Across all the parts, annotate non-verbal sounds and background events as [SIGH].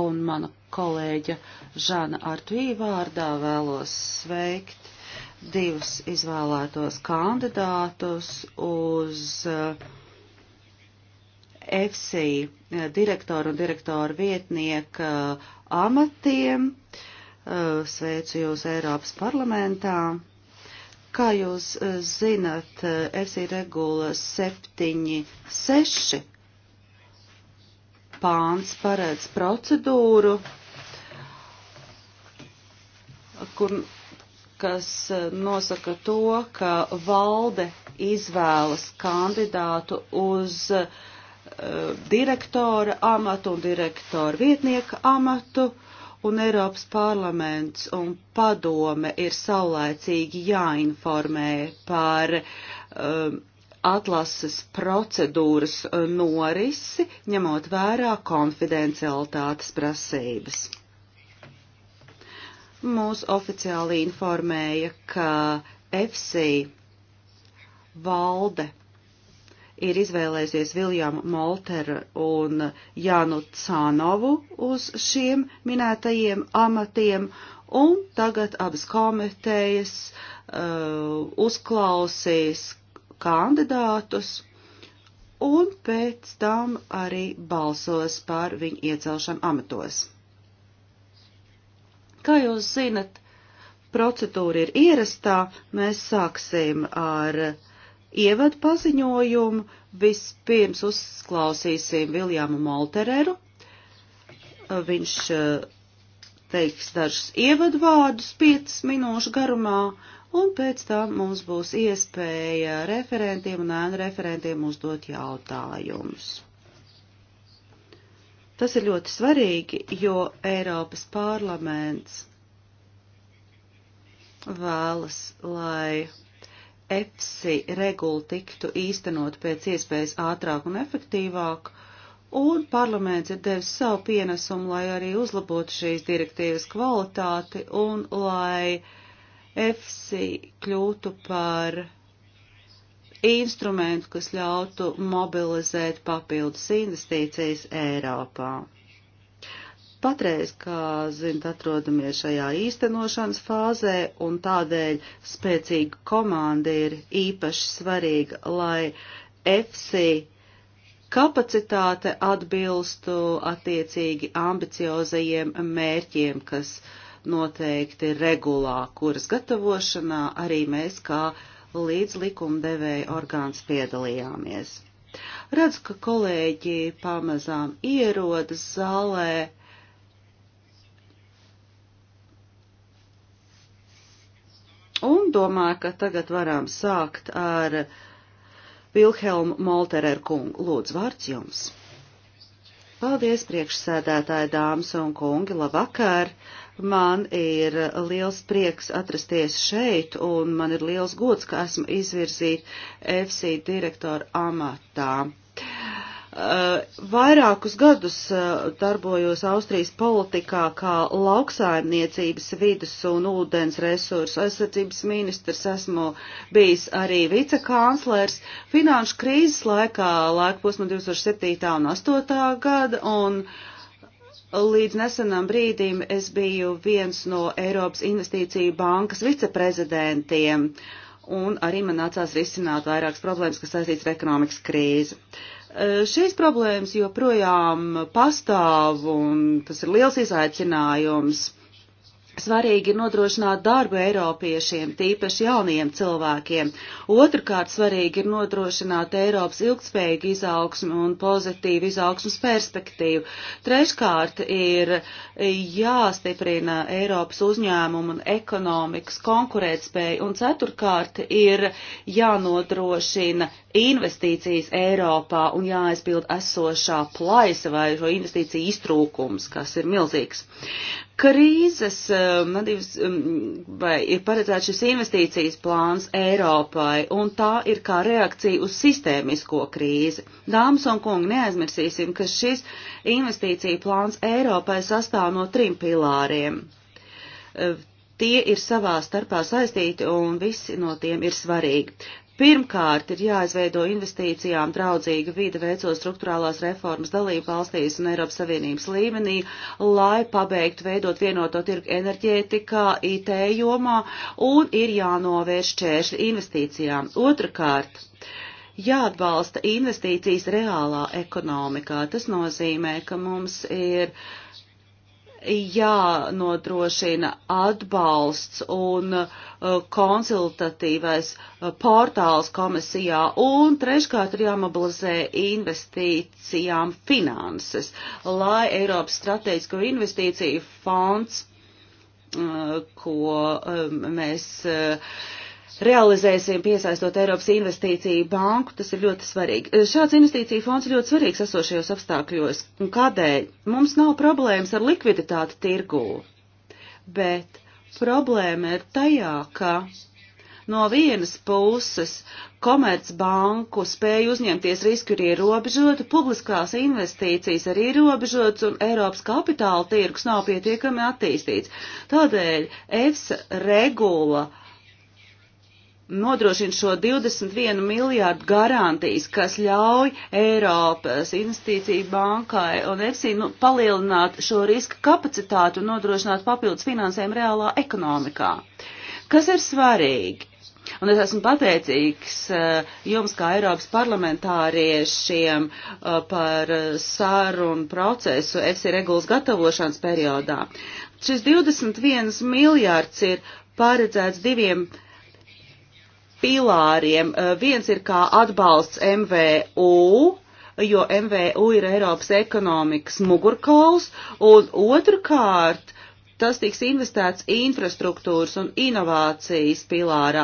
un mana kolēģa Žana Artuī vārdā vēlos sveikt divus izvēlētos kandidātus uz EFSI eh, direktoru un direktoru vietnieka amatiem. Eh, sveicu jūs Eiropas parlamentā. Kā jūs eh, zinat, EFSI regula 7.6 pāns paredz procedūru, kur, kas e, nosaka to, ka valde izvēlas kandidātu uz uh, direktora amatu un direktora vietnieka amatu, un Eiropas parlaments un padome ir saulēcīgi jāinformē par um, uh, atlases procedūras uh, norisi, ņemot vērā konfidencialitātes prasības. Mūs oficiāli informēja, ka FC valde ir izvēlējusies Viljamu Molteru un Janu Cānovu uz šiem minētajiem amatiem, un tagad abas komitejas uh, uzklausīs kandidātus un pēc tam arī balsos par viņu iecelšanu amatos. Kā jūs zinat, procedūra ir ierastā, mēs sāksim ar ievadu paziņojumu, vispirms uzklausīsim Viljamu Moltereru, viņš eh, teiks dažus ievadvārdus 5 minūšu garumā, un pēc tam mums būs iespēja referentiem un ēnu referentiem uzdot jautājumus. Tas ir ļoti svarīgi, jo Eiropas parlaments vēlas, lai EFSI regula tiktu īstenot pēc iespējas ātrāk un efektīvāk, un parlaments ir devis savu pienesumu, lai arī uzlabotu šīs direktīvas kvalitāti un lai uh, EFSI kļūtu par instrumentu, kas ļautu mobilizēt papildus investīcijas Eiropā. Patreiz, kā zinat, atrodamies šajā īstenošanas fāzē, un tādēļ spēcīga komanda ir īpaši svarīga, lai EFSI kapacitāte atbilstu attiecīgi ambiciozajiem mērķiem, kas uh, noteikti regulā, kuras gatavošanā arī mēs kā līdz likumdevēja orgāns piedalījāmies. Redzu, ka kolēģi pamazām ierodas zālē. Un domāju, ka tagad varam sākt ar Vilhelmu Molterer kungu. Lūdzu, vārds jums! Paldies, priekšsēdētāji, dāmas un kungi, labvakar! Uh, Man ir liels prieks atrasties šeit, un man ir liels gods, ka esmu izvirzīta FC direktora amatā. Uh, vairākus gadus uh, darbojos Austrijas politikā kā lauksaimniecības vidas un ūdens resursu aizsardzības ministrs, esmu bijis arī vicekanclers finanšu krīzes laikā, laikposma 2007. un 2008. gada, un Līdz nesenam brīdim es biju viens no Eiropas investīciju bankas viceprezidentiem, un arī man nācās risināt vairākas problēmas, kas saistīts ar ekonomikas krīzi. E, šīs problēmas joprojām pastāv, un tas ir liels izaicinājums Svarīgi ir nodrošināt darbu Eiropiešiem, tīpaši jauniem cilvēkiem. Otrkārt, svarīgi ir nodrošināt Eiropas ilgspējīgu izaugsmu un pozitīvu izaugsmas perspektīvu. Treškārt, ir jāstiprina Eiropas uzņēmumu un ekonomikas konkurētspēja. Un ceturkārt, ir jānodrošina investīcijas Eiropā un jāaizpild esošā plaisa vai šo investīciju iztrūkums, kas ir milzīgs krīzes um, nadības, nu, um, vai ir paredzēts šis investīcijas plāns Eiropai, un tā ir kā reakcija uz sistēmisko krīzi. Dāmas un kungi, neaizmirsīsim, ka šis investīcija plāns Eiropai sastāv no trim pilāriem. Uh, tie ir savā starpā saistīti un visi no tiem ir svarīgi. Pirmkārt, ir jāizveido investīcijām draudzīga vide veicot struktūrālās reformas dalību valstīs un Eiropas Savienības līmenī, lai pabeigtu veidot vienoto tirgu enerģētikā, IT jomā un ir jānovērš čēršļi investīcijām. Otrakārt, jāatbalsta investīcijas reālā ekonomikā. Tas nozīmē, ka mums ir uh, jānodrošina atbalsts un uh, konsultatīvais uh, portāls komisijā, un treškārt ir jāmobilizē investīcijām finanses, lai Eiropas strateģisko investīciju fonds, uh, ko um, mēs realizēsim piesaistot Eiropas investīciju banku, tas ir ļoti svarīgi. E, šāds investīciju fonds ir ļoti svarīgs esošajos apstākļos. Un kādēļ? Mums nav problēmas ar likviditāti tirgū, bet problēma ir tajā, ka no vienas puses komercbanku spēja uzņemties risku ir ierobežota, publiskās investīcijas arī ierobežotas un Eiropas kapitāla tirgus nav pietiekami attīstīts. Tādēļ EFS regula uh, nodrošina šo 21 miljārdu garantijas, kas ļauj Eiropas investīciju bankai un EFSI nu, palielināt šo riska kapacitātu un nodrošināt papildus finansējumu reālā ekonomikā. Kas ir svarīgi? Un es esmu pateicīgs eh, jums, kā Eiropas parlamentāriešiem, eh, par sarunu procesu EFSI regulas gatavošanas periodā. Šis 21 miljārds ir paredzēts diviem uh, pilāriem. Eh, viens ir kā atbalsts MVU, jo MVU ir Eiropas ekonomikas mugurkauls, un otrkārt tas tiks investēts infrastruktūras un inovācijas pilārā,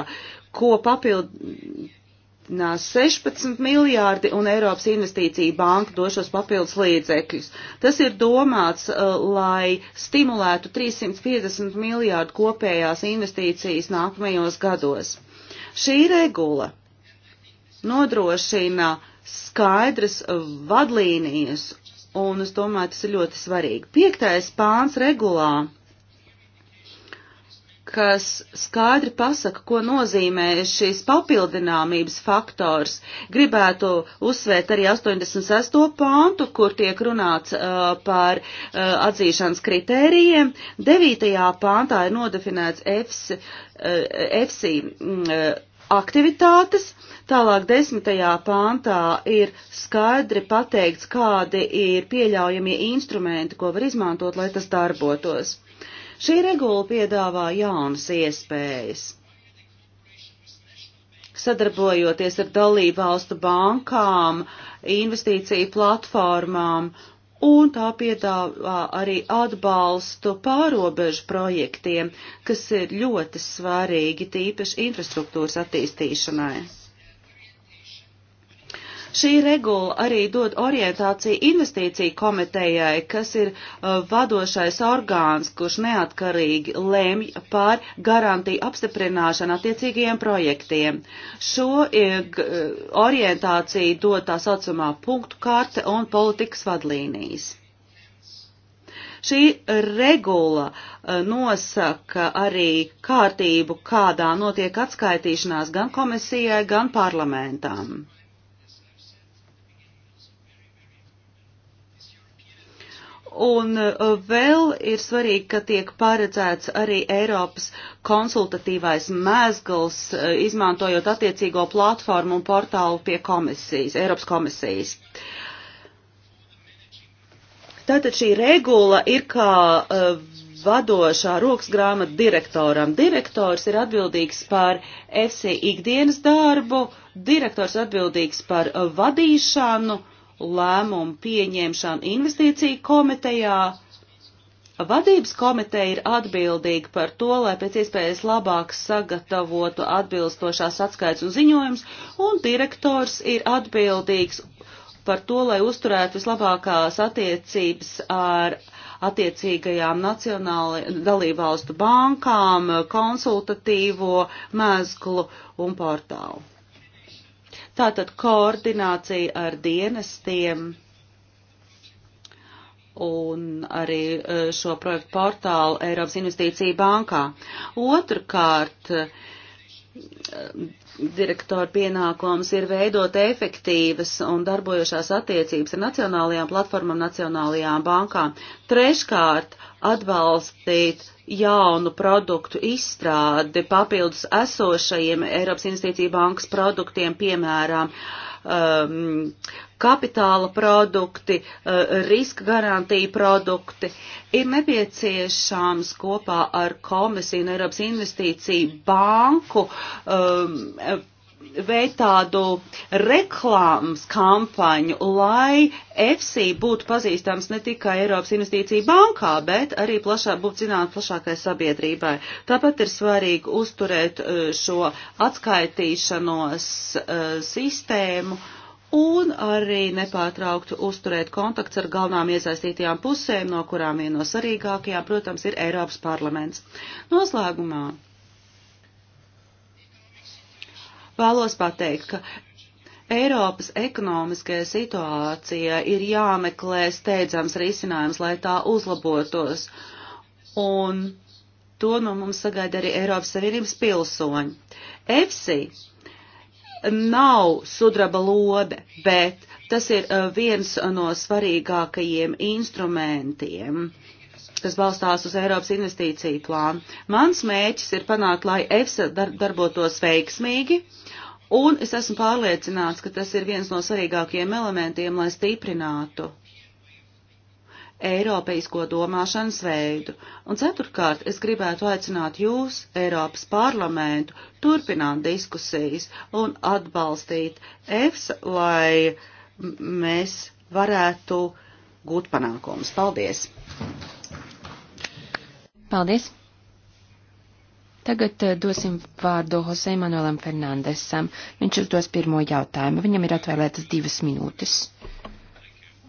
ko papildinās 16 miljārdi un Eiropas investīcija banka došos papildus līdzekļus. Tas ir domāts, eh, lai stimulētu 350 miljārdu kopējās investīcijas nākamajos gados. Šī regula nodrošina skaidras vadlīnijas, un es domāju, tas ir ļoti svarīgi. Piektais pāns regulā kas skaidri pasaka, ko nozīmē šīs papildināmības faktors. Gribētu uzsvērt arī 86. pāntu, kur tiek runāts uh, par uh, atzīšanas kritērijiem. 9. pāntā ir nodefinēts EFSI uh, mm, uh, aktivitātes. Tālāk desmitajā pāntā ir skaidri pateikts, kādi ir pieļaujamie instrumenti, ko var izmantot, lai tas darbotos. Šī regula piedāvā jaunas iespējas. Sadarbojoties ar dalību valstu bankām, investīciju platformām, un tā piedāvā arī atbalstu pārobežu projektiem, kas ir ļoti svarīgi tīpaši infrastruktūras attīstīšanai. Šī regula arī dod orientāciju investīciju komitejai, kas ir uh, vadošais orgāns, kurš neatkarīgi lemj par garantiju apstiprināšanu attiecīgajiem projektiem. Šo uh, orientāciju dod tā saucamā punktu karte un politikas vadlīnijas. Šī regula e, nosaka arī kārtību, kādā notiek atskaitīšanās gan komisijai, gan parlamentām. Un uh, vēl ir svarīgi, ka tiek paredzēts arī Eiropas konsultatīvais mēzgals, uh, izmantojot attiecīgo platformu un portālu pie komisijas, Eiropas komisijas. Tātad šī regula ir kā uh, vadošā roksgrāmata direktoram. Direktors ir atbildīgs par FC ikdienas darbu, direktors atbildīgs par vadīšanu lēmumu pieņemšanu investīciju komitejā. Vadības komiteja ir atbildīga par to, lai pēc iespējas labāk sagatavotu atbilstošās atskaits un ziņojums, un direktors ir atbildīgs par to, lai uzturētu vislabākās attiecības ar attiecīgajām nacionāli dalībvalstu bankām, konsultatīvo mēzglu un portālu. Tātad koordinācija ar dienestiem un arī e, šo projektu portālu Eiropas Investīcija bankā. Otrkārt, direktora pienākums ir veidot efektīvas un darbojošās attiecības ar nacionālajām platformām, nacionālajām bankām. Treškārt, atbalstīt jaunu produktu izstrādi papildus esošajiem Eiropas Investīcija bankas produktiem, piemēram, uh, um, kapitāla produkti, uh, riska garantija produkti, ir nepieciešams kopā ar komisiju un Eiropas investīciju banku um, veikt tādu reklāmas kampaņu, lai EFSI būtu pazīstams ne tikai Eiropas investīcija bankā, bet arī plašāk būtu zināt plašākai sabiedrībai. Tāpat ir svarīgi uzturēt eh, šo atskaitīšanos eh, sistēmu un arī nepārtraukti uzturēt kontakts ar galvenām iesaistītajām pusēm, no kurām viena no svarīgākajām, protams, ir Eiropas parlaments. Noslēgumā Vēlos pateikt, ka Eiropas ekonomiskajai situācijai ir jāmeklē steidzams risinājums, lai tā uzlabotos. Un to no mums sagaida arī Eiropas Savienības pilsoņi. EFSI nav sudraba lode, bet tas ir eh, viens eh, no svarīgākajiem instrumentiem kas balstās uz Eiropas investīciju plānu. Mans mēķis ir panākt, lai EFSA dar darbotos veiksmīgi, un es esmu pārliecināts, ka tas ir viens no svarīgākajiem elementiem, lai stiprinātu Eiropeisko domāšanas veidu. Un ceturkārt, es gribētu aicināt jūs, Eiropas parlamentu, turpināt diskusijas un atbalstīt EFSA, lai mēs varētu gūt panākumus. Paldies! Paldies! Tagad eh, dosim vārdu Jose Manuelam Fernandesam. Viņš uzdos pirmo jautājumu. Viņam ir atvēlētas divas minūtes.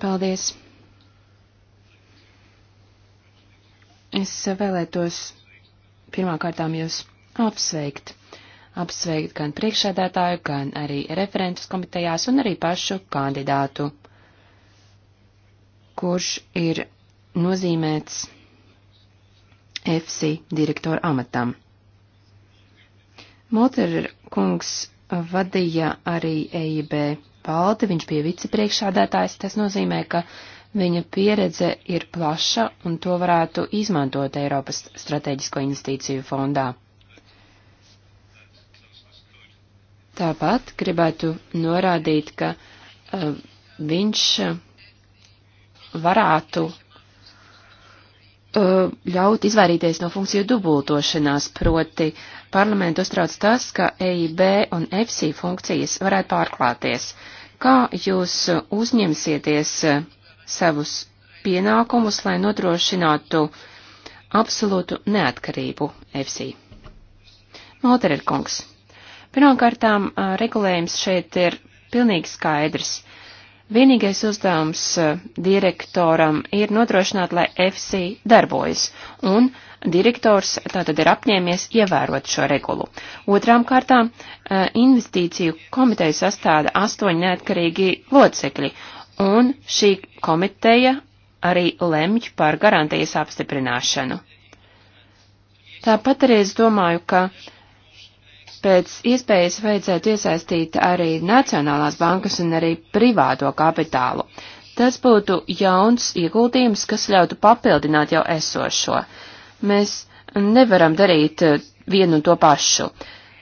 Paldies! Es vēlētos pirmkārtām jūs apsveikt. Apsveikt gan priekšsēdētāju, gan arī referentus komitejās un arī pašu kandidātu, kurš ir nozīmēts EFSI direktora amatam. Moter kungs vadīja arī EIB valdi, viņš bija vicepriekšādātājs, tas nozīmē, ka viņa pieredze ir plaša un to varētu izmantot Eiropas strateģisko investīciju fondā. Tāpat gribētu norādīt, ka uh, viņš varētu Uh, ļaut izvairīties no funkciju dubultošanās, proti parlamentu uztrauc tas, ka EIB un EFSI funkcijas varētu pārklāties. Kā jūs uzņemsieties uh, savus pienākumus, lai nodrošinātu absolūtu neatkarību EFSI? Noterer kungs. Pirmkārtām uh, regulējums šeit ir pilnīgi skaidrs. Vienīgais uzdevums eh, direktoram ir nodrošināt, lai FC darbojas, un direktors tātad ir apņēmies ievērot šo regulu. Otrām kārtām eh, investīciju komiteju sastāda astoņi neatkarīgi locekļi, un šī komiteja arī lemj par garantijas apstiprināšanu. Tāpat arī es domāju, ka uh, pēc iespējas vajadzētu iesaistīt arī Nacionālās bankas un arī privāto kapitālu. Tas būtu jauns ieguldījums, kas ļautu papildināt jau esošo. Mēs nevaram darīt eh, vienu un to pašu.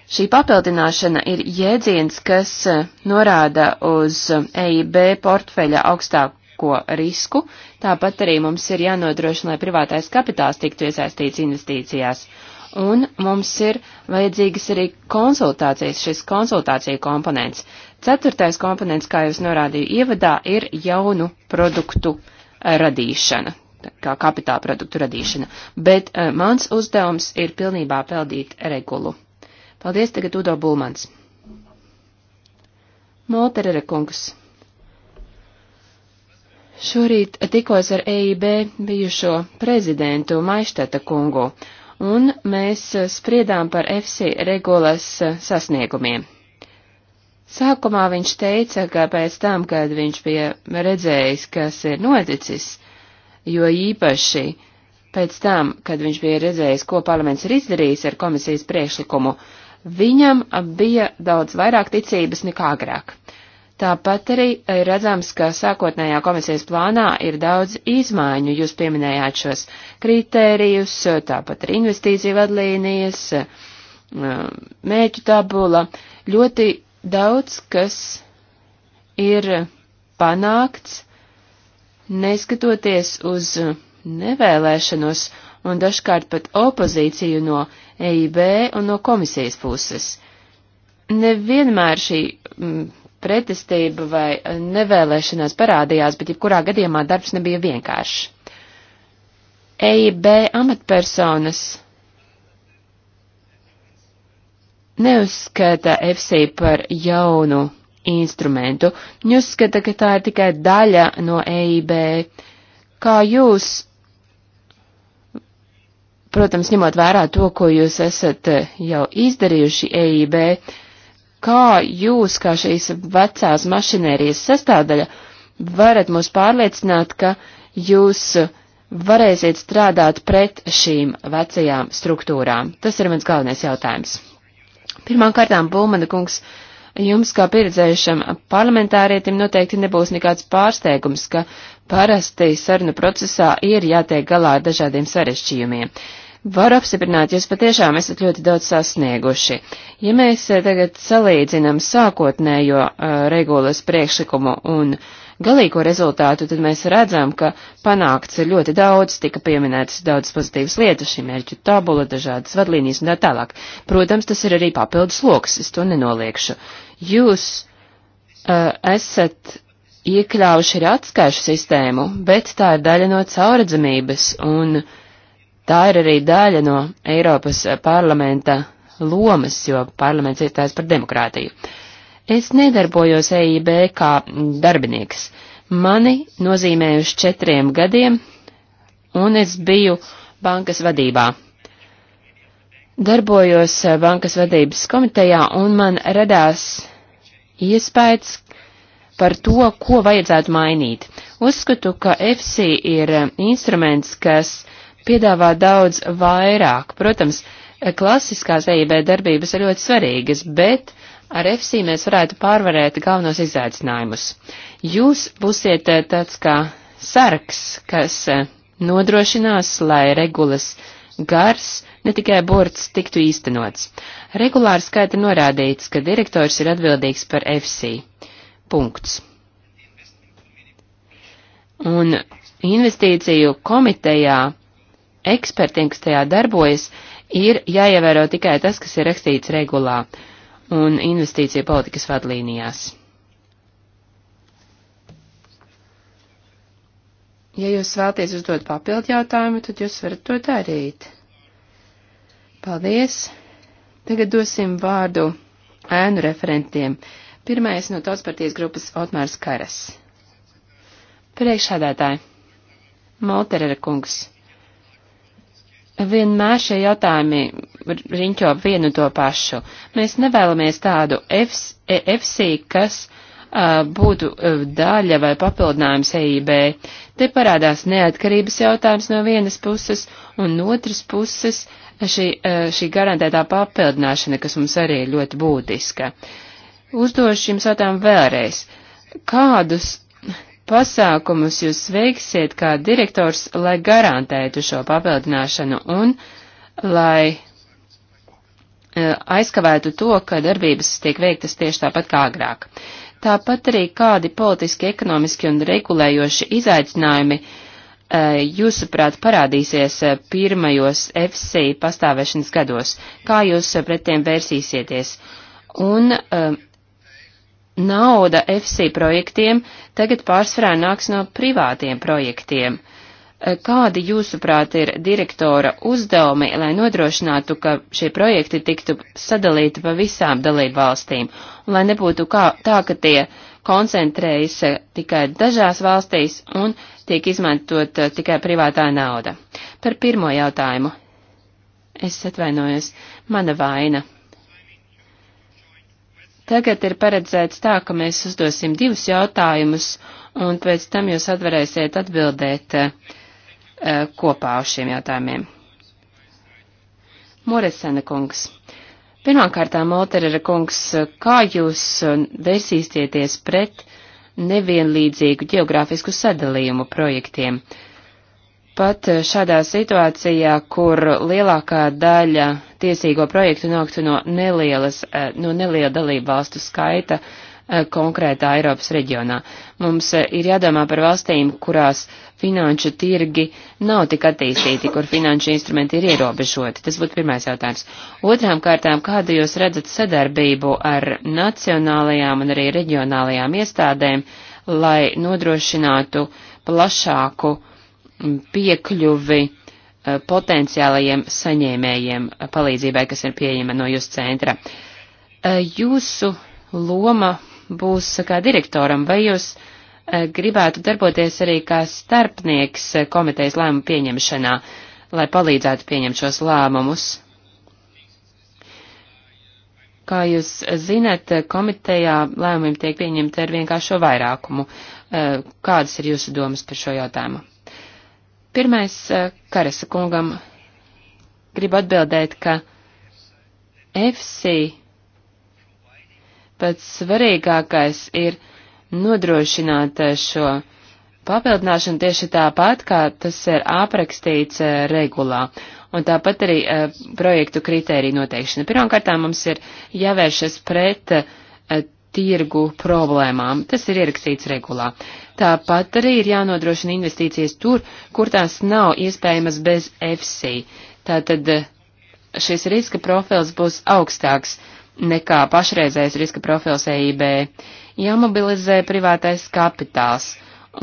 Šī papildināšana ir jēdziens, kas eh, norāda uz EIB portfeļa augstāko risku, tāpat arī mums ir jānodrošina, lai privātais kapitāls tiktu iesaistīts investīcijās un mums ir vajadzīgas arī konsultācijas, šis konsultāciju komponents. Ceturtais komponents, kā jau es norādīju ievadā, ir jaunu produktu eh, radīšana, kā kapitāla produktu radīšana, bet uh, mans uzdevums ir pilnībā peldīt regulu. Paldies tagad Udo Bulmans. Molterere kungs. Šorīt tikos ar EIB bijušo prezidentu Maišteta kungu. Uh, un mēs spriedām par EFSI regulas sasniegumiem. Sākumā viņš teica, ka pēc tam, kad viņš bija redzējis, kas ir noticis, jo īpaši pēc tam, kad viņš bija redzējis, ko parlaments ir izdarījis ar komisijas priekšlikumu, viņam bija daudz vairāk ticības nekā agrāk. Tāpat arī eh, redzams, ka sākotnējā komisijas plānā ir daudz izmaiņu. Jūs pieminējāt šos kritērijus, tāpat arī investīciju vadlīnijas, eh, mēķu tabula. Ļoti daudz, kas ir panākts, neskatoties uz nevēlēšanos un dažkārt pat opozīciju no EIB un no komisijas puses. Nevienmēr šī mm, pretestība vai nevēlēšanās parādījās, bet jebkurā gadījumā darbs nebija vienkāršs. EIB amatpersonas neuzskata FC par jaunu instrumentu, viņi uzskata, ka tā ir tikai daļa no EIB. Kā jūs, protams, ņemot vērā to, ko jūs esat jau izdarījuši EIB, kā jūs, kā šīs vecās mašinērijas sastāvdaļa, varat mūs pārliecināt, ka jūs varēsiet strādāt pret šīm vecajām struktūrām? Tas ir mans galvenais jautājums. Pirmām kārtām, Bulmana kungs, jums kā pieredzējušam parlamentārietim noteikti nebūs nekāds pārsteigums, ka parasti sarunu procesā ir jātiek galā ar dažādiem sarešķījumiem. Varu apstiprināt, jūs patiešām esat ļoti daudz sasnieguši. Ja mēs eh, tagad salīdzinām sākotnējo uh, regulas priekšlikumu un galīgo rezultātu, tad mēs redzam, ka panākts ir ļoti daudz, tika pieminētas daudz pozitīvas lietas, šī mērķu tabula, dažādas vadlīnijas un tā tālāk. Protams, tas ir arī papildus loks, es to nenoliekšu. Jūs uh, esat iekļāvuši arī atskaišu sistēmu, bet tā ir daļa no cauradzamības un uh, Tā ir arī daļa no Eiropas parlamenta lomas, jo parlaments iestājas par demokrātiju. Es nedarbojos EIB kā darbinieks. Mani nozīmēja uz četriem gadiem, un es biju bankas vadībā. Darbojos bankas vadības komitejā, un man radās iespējas par to, ko vajadzētu mainīt. Uzskatu, ka EFSI ir instruments, kas uh, piedāvā daudz vairāk. Protams, klasiskās EIB darbības ir ļoti svarīgas, bet ar FC mēs varētu pārvarēt galvenos izaicinājumus. Jūs būsiet eh, tāds kā sargs, kas eh, nodrošinās, lai regulas gars, ne tikai borts tiktu īstenots. Regulāri skaita norādīts, ka direktors ir atbildīgs par FC. Punkts. Un investīciju komitejā ekspertiem, kas tajā darbojas, ir jāievēro tikai tas, kas ir rakstīts regulā un investīcija politikas vadlīnijās. Ja jūs vēlaties uzdot papildu jautājumu, tad jūs varat to darīt. Paldies! Tagad dosim vārdu ēnu referentiem. Pirmais no tautspartijas grupas Otmārs Karas. Priekšādātāji. Molterera kungs vienmēr šie jautājumi riņķo vienu to pašu. Mēs nevēlamies tādu EFSI, kas uh, būtu daļa vai papildinājums EIB. Te parādās neatkarības jautājums no vienas puses, un otras puses šī, uh, šī garantētā papildināšana, kas mums arī ir ļoti būtiska. Uzdošu jums jautājumu vēlreiz. Kādus pasākumus jūs veiksiet kā direktors, lai garantētu šo papildināšanu un lai e, aizkavētu to, ka darbības tiek veiktas tieši tāpat kā agrāk. Tāpat arī kādi politiski, ekonomiski un regulējoši izaicinājumi e, jūsuprāt parādīsies e, pirmajos FSI pastāvēšanas gados, kā jūs pret tiem vērsīsieties. Un nauda FC projektiem tagad pārsvarā nāks no privātiem projektiem. Eh, kādi jūsuprāt ir direktora uzdevumi, lai nodrošinātu, ka šie projekti tiktu sadalīti pa visām dalību valstīm, un lai nebūtu kā, tā, ka tie koncentrējas eh, tikai dažās valstīs un tiek izmantot eh, tikai privātā nauda? Par pirmo jautājumu. Es atvainojos, mana vaina. Tagad ir paredzēts tā, ka mēs uzdosim divus jautājumus, un pēc tam jūs atvarēsiet atbildēt uh, kopā uz šiem jautājumiem. Moresena kungs. Pirmkārtām, Molterera kungs, kā jūs vērsīsieties pret nevienlīdzīgu geogrāfisku sadalījumu projektiem? Uh, Pat šādā situācijā, kur lielākā daļa tiesīgo projektu nāktu no, nelielas, eh, no neliela dalību valstu skaita eh, konkrētā Eiropas reģionā. Mums eh, ir jādomā par valstīm, kurās finanšu tirgi nav tik attīstīti, kur finanšu instrumenti ir ierobežoti. Tas būtu pirmais jautājums. Otrām kārtām, kādu jūs redzat sadarbību ar nacionālajām un arī reģionālajām iestādēm, lai nodrošinātu plašāku uh, piekļuvi eh, potenciālajiem saņēmējiem eh, palīdzībai, kas ir pieejama no jūsu centra. Eh, jūsu loma būs kā direktoram, vai jūs gribētu darboties arī kā starpnieks komitejas lēmumu pieņemšanā, lai palīdzētu pieņemt šos lēmumus? Kā jūs zinat, komitejā lēmumiem tiek pieņemti ar vienkāršo vairākumu. Kādas ir jūsu domas par šo jautājumu? Pirmais eh, Karasa kungam gribu atbildēt, ka FC pats svarīgākais ir nodrošināt eh, šo papildināšanu tieši tāpat, kā tas ir aprakstīts eh, regulā. Un tāpat arī projektu kritēriju noteikšana. Pirmkārt, mums ir jāvēršas pret uh, tirgu problēmām. Tas ir ierakstīts regulā. Tāpat arī ir jānodrošina investīcijas tur, kur tās nav iespējamas bez FC. Tātad eh, šis riska profils būs augstāks nekā pašreizējais riska profils EIB. Jāmobilizē privātais kapitāls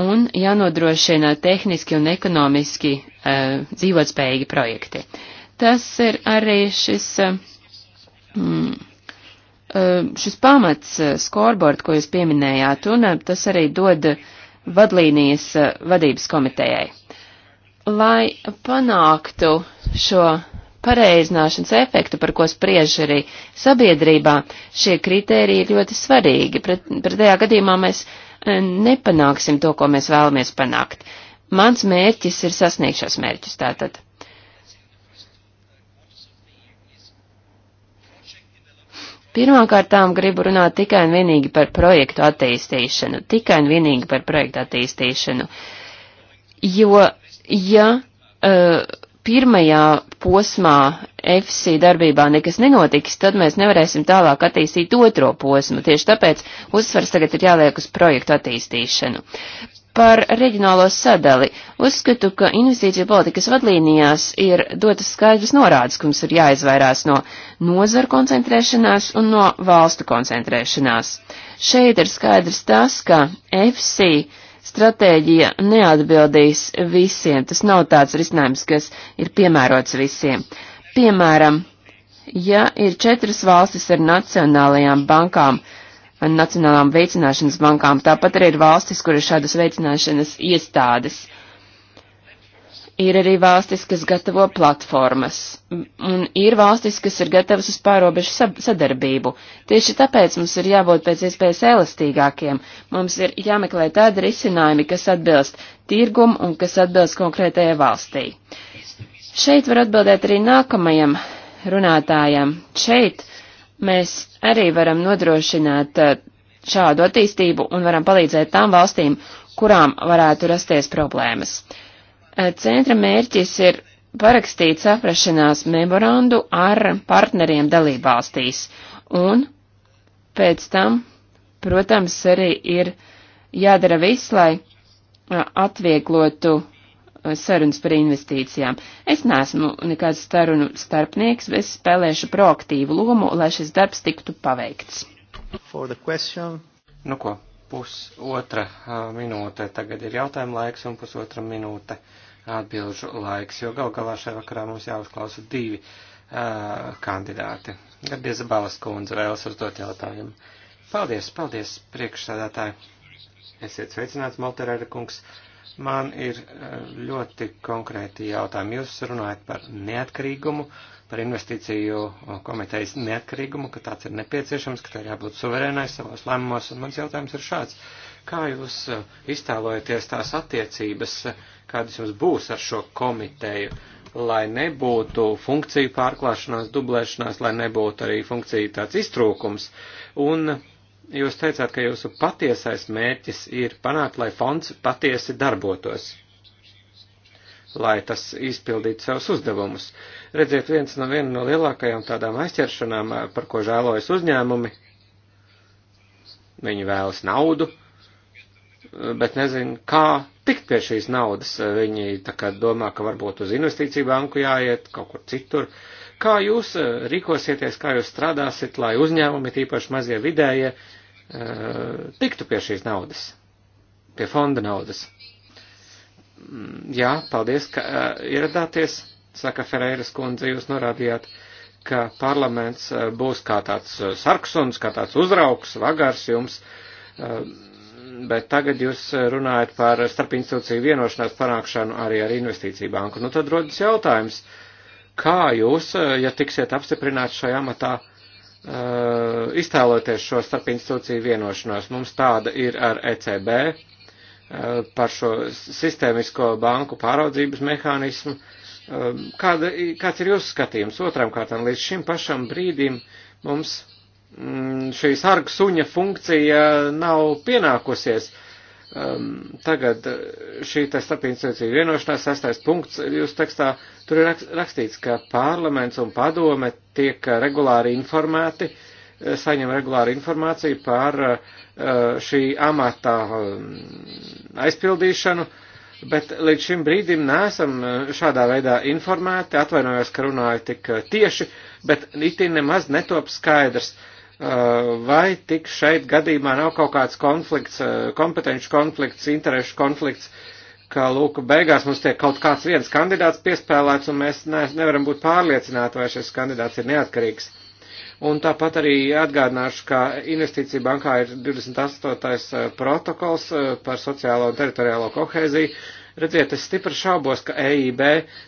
un jānodrošina tehniski un ekonomiski uh, e, dzīvotspējīgi projekti. Tas ir arī šis. Uh, mm, Eh, šis pamats eh, scoreboard, ko jūs pieminējāt, un eh, tas arī dod vadlīnijas vadības komitejai. Lai panāktu šo pareizināšanas efektu, par ko spriež arī sabiedrībā, šie kritēriji ir ļoti svarīgi. Pret, pretējā gadījumā mēs nepanāksim to, ko mēs vēlamies panākt. Mans mērķis ir sasniegt šos mērķus tātad. Pirmkārtām gribu runāt tikai un vienīgi par projektu attīstīšanu, tikai un vienīgi par projektu attīstīšanu, jo, ja uh, pirmajā posmā FC darbībā nekas nenotiks, tad mēs nevarēsim tālāk attīstīt otro posmu. Tieši tāpēc uzsvars tagad ir jāliek uz projektu attīstīšanu. Par reģionālo sadali. Uzskatu, ka investīciju politikas vadlīnijās ir dotas skaidrs norādes, ka mums ir jāizvairās no nozaru koncentrēšanās un no valstu koncentrēšanās. Šeit ir skaidrs tas, ka EFSI stratēģija neatbildīs visiem. Tas nav tāds risinājums, kas ir piemērots visiem. Piemēram, ja ir četras valstis ar nacionālajām bankām, nacionālām veicināšanas bankām. Tāpat arī ir valstis, kur ir šādas veicināšanas iestādes. Ir arī valstis, kas gatavo platformas, un ir valstis, kas ir gatavas uz pārobežu sadarbību. Tieši tāpēc mums ir jābūt pēc iespējas elastīgākiem. Mums ir jāmeklē tādi risinājumi, kas atbilst tirgumu un kas atbilst konkrētajai valstī. Šeit var atbildēt arī nākamajam runātājam. Šeit mēs arī varam nodrošināt eh, šādu attīstību un varam palīdzēt tām valstīm, kurām varētu rasties problēmas. Eh, centra mērķis ir parakstīt saprašanās memorandu ar partneriem dalībvalstīs, un pēc tam, protams, arī ir jādara viss, lai eh, atvieglotu sarunas par investīcijām. Es neesmu nekāds starunu starpnieks, bet es spēlēšu proaktīvu lomu, lai šis darbs tiktu paveikts. Nu ko, pusotra minūte tagad ir jautājuma laiks un pusotra minūte atbilžu laiks, jo gal galā šajā vakarā mums jāuzklausa divi uh, kandidāti. Gardies Balas kundze vēlas uzdot jautājumu. Paldies, paldies, priekšsādātāji. Esiet sveicināts, Malterēra kungs. Uh, Man ir eh, ļoti konkrēti jautājumi. Jūs runājat par neatkarīgumu, par investīciju eh, komitejas neatkarīgumu, ka tāds ir nepieciešams, ka tā ir jābūt suverēnai savos lēmumos. Un mans jautājums ir šāds. Kā jūs eh, iztēlojaties tās attiecības, kādas jums būs ar šo komiteju, lai nebūtu funkciju pārklāšanās, dublēšanās, lai nebūtu arī funkciju tāds iztrūkums? Un jūs teicāt, ka jūsu patiesais mērķis ir panākt, lai fonds patiesi darbotos, lai tas izpildītu savus uzdevumus. Redziet, viens no viena no lielākajām tādām aizķeršanām, eh, par ko žēlojas uzņēmumi, viņi vēlas naudu, eh, bet nezinu, kā tikt pie šīs naudas. Eh, viņi tā kā domā, ka varbūt uz investīciju banku jāiet kaut kur citur. Kā jūs rīkosieties, kā jūs strādāsit, lai uzņēmumi, tīpaši mazie vidējie, ja tiktu pie šīs naudas, pie fonda naudas. Mm, jā, paldies, ka ieradāties, saka Ferreiras kundze, jūs norādījāt, ka parlaments būs kā tāds sarksuns, kā tāds uzrauks, vagars jums, bet tagad jūs runājat par starpinstitūciju vienošanās panākšanu arī ar investīciju banku. Nu tad rodas jautājums, kā jūs, ja tiksiet apstiprināts šajā matā, uh, uh, iztēloties šo starpinstitūciju vienošanos. Mums tāda ir ar ECB uh, eh, par šo sistēmisko banku pāraudzības mehānismu. Uh, kāda, kāds ir jūsu skatījums? Otram kārtām līdz šim pašam brīdim mums mm, šī sargu suņa funkcija nav pienākusies. Uh, um, tagad uh, šī te starpinstitūcija vienošanās sastais punkts jūsu tekstā, tur ir rakstīts, ka parlaments un padome tiek uh, regulāri informēti, uh, saņem regulāri informāciju par uh, šī amatā um, aizpildīšanu, bet līdz šim brīdim nesam šādā veidā informēti, atvainojos, ka runāju tik tieši, bet itin nemaz netop skaidrs. Uh, Eh, vai tik šeit gadījumā nav kaut kāds konflikts, eh, kompetenci konflikts, interešu konflikts, ka, lūk, beigās mums tiek kaut kāds viens kandidāts piespēlēts, un mēs ne, nevaram būt pārliecināti, vai šis kandidāts ir neatkarīgs. Un tāpat arī atgādināšu, ka investīcija bankā ir 28. Eh, protokols par sociālo un teritoriālo kohēziju, Redziet, es stipri šaubos, ka EIB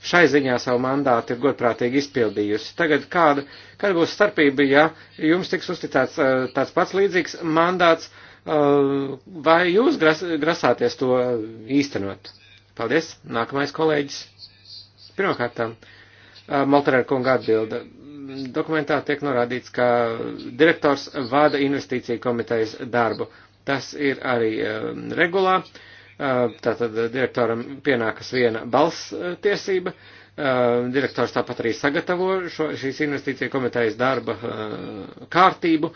šai ziņā savu mandātu ir godprātīgi izpildījusi. Tagad kāda, kāda būs starpība, ja jums tiks uzticēts tāds pats līdzīgs mandāts, vai jūs gras, grasāties to īstenot? Paldies. Nākamais kolēģis. Pirmkārtām, Maltarēra kunga atbilda dokumentā tiek norādīts, ka direktors vada investīciju komitejas darbu. Tas ir arī um, regulā. Eh, tātad direktoram pienākas viena balss tiesība. Eh, direktors tāpat arī sagatavo šo, šīs investīcija komitejas darba eh, kārtību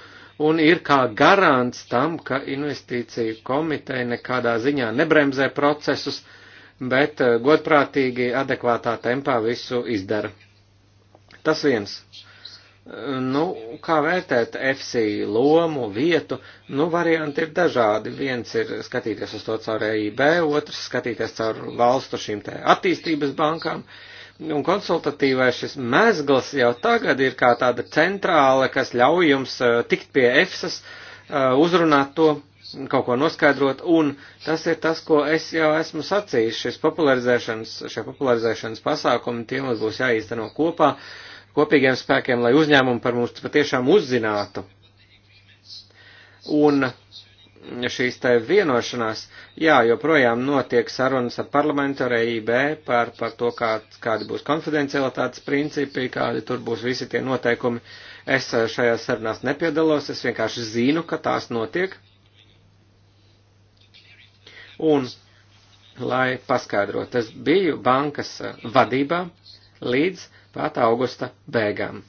un ir kā garants tam, ka investīcija komiteja nekādā ziņā nebremzē procesus, bet godprātīgi adekvātā tempā visu izdara. Tas viens. Nu, kā vērtēt FC lomu, vietu? Nu, varianti ir dažādi. Viens ir skatīties uz to caur EIB, otrs skatīties caur valstu šīm te attīstības bankām. Un konsultatīvais šis mezgls jau tagad ir kā tāda centrāla, kas ļauj jums eh, tikt pie EFSAS, eh, uzrunāt to, kaut ko noskaidrot, un tas ir tas, ko es jau esmu sacījis. Šis popularizēšanas, šie popularizēšanas pasākumi, tie mums būs jāīsteno kopā. Uh, kopīgiem spēkiem, lai uzņēmumi par mums patiešām uzzinātu. Un šīs te vienošanās, jā, joprojām notiek sarunas ar parlamentu, ar EIB par, par to, kā, kādi būs konfidencialitātes principi, kādi tur būs visi tie noteikumi. Es šajās sarunās nepiedalos, es vienkārši zinu, ka tās notiek. Un, lai paskaidrot, es biju bankas vadībā līdz pat augusta beigām.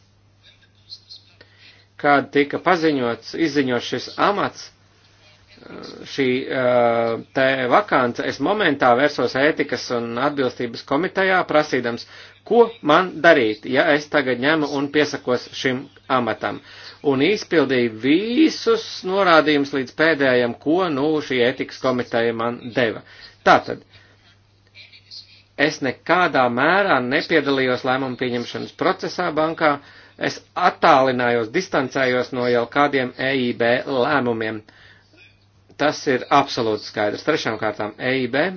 Kad tika paziņots, izziņots šis amats, eh, šī eh, te vakance, es momentā versos ētikas un atbilstības komitejā prasīdams, ko man darīt, ja es tagad ņemu un piesakos šim amatam. Un izpildīju visus norādījumus līdz pēdējiem, ko, nu, šī ētikas komiteja man deva. Tātad, es nekādā mērā nepiedalījos lēmumu pieņemšanas procesā bankā, es attālinājos, distancējos no jau kādiem EIB lēmumiem. Tas ir absolūti skaidrs. Trešām kārtām EIB uh,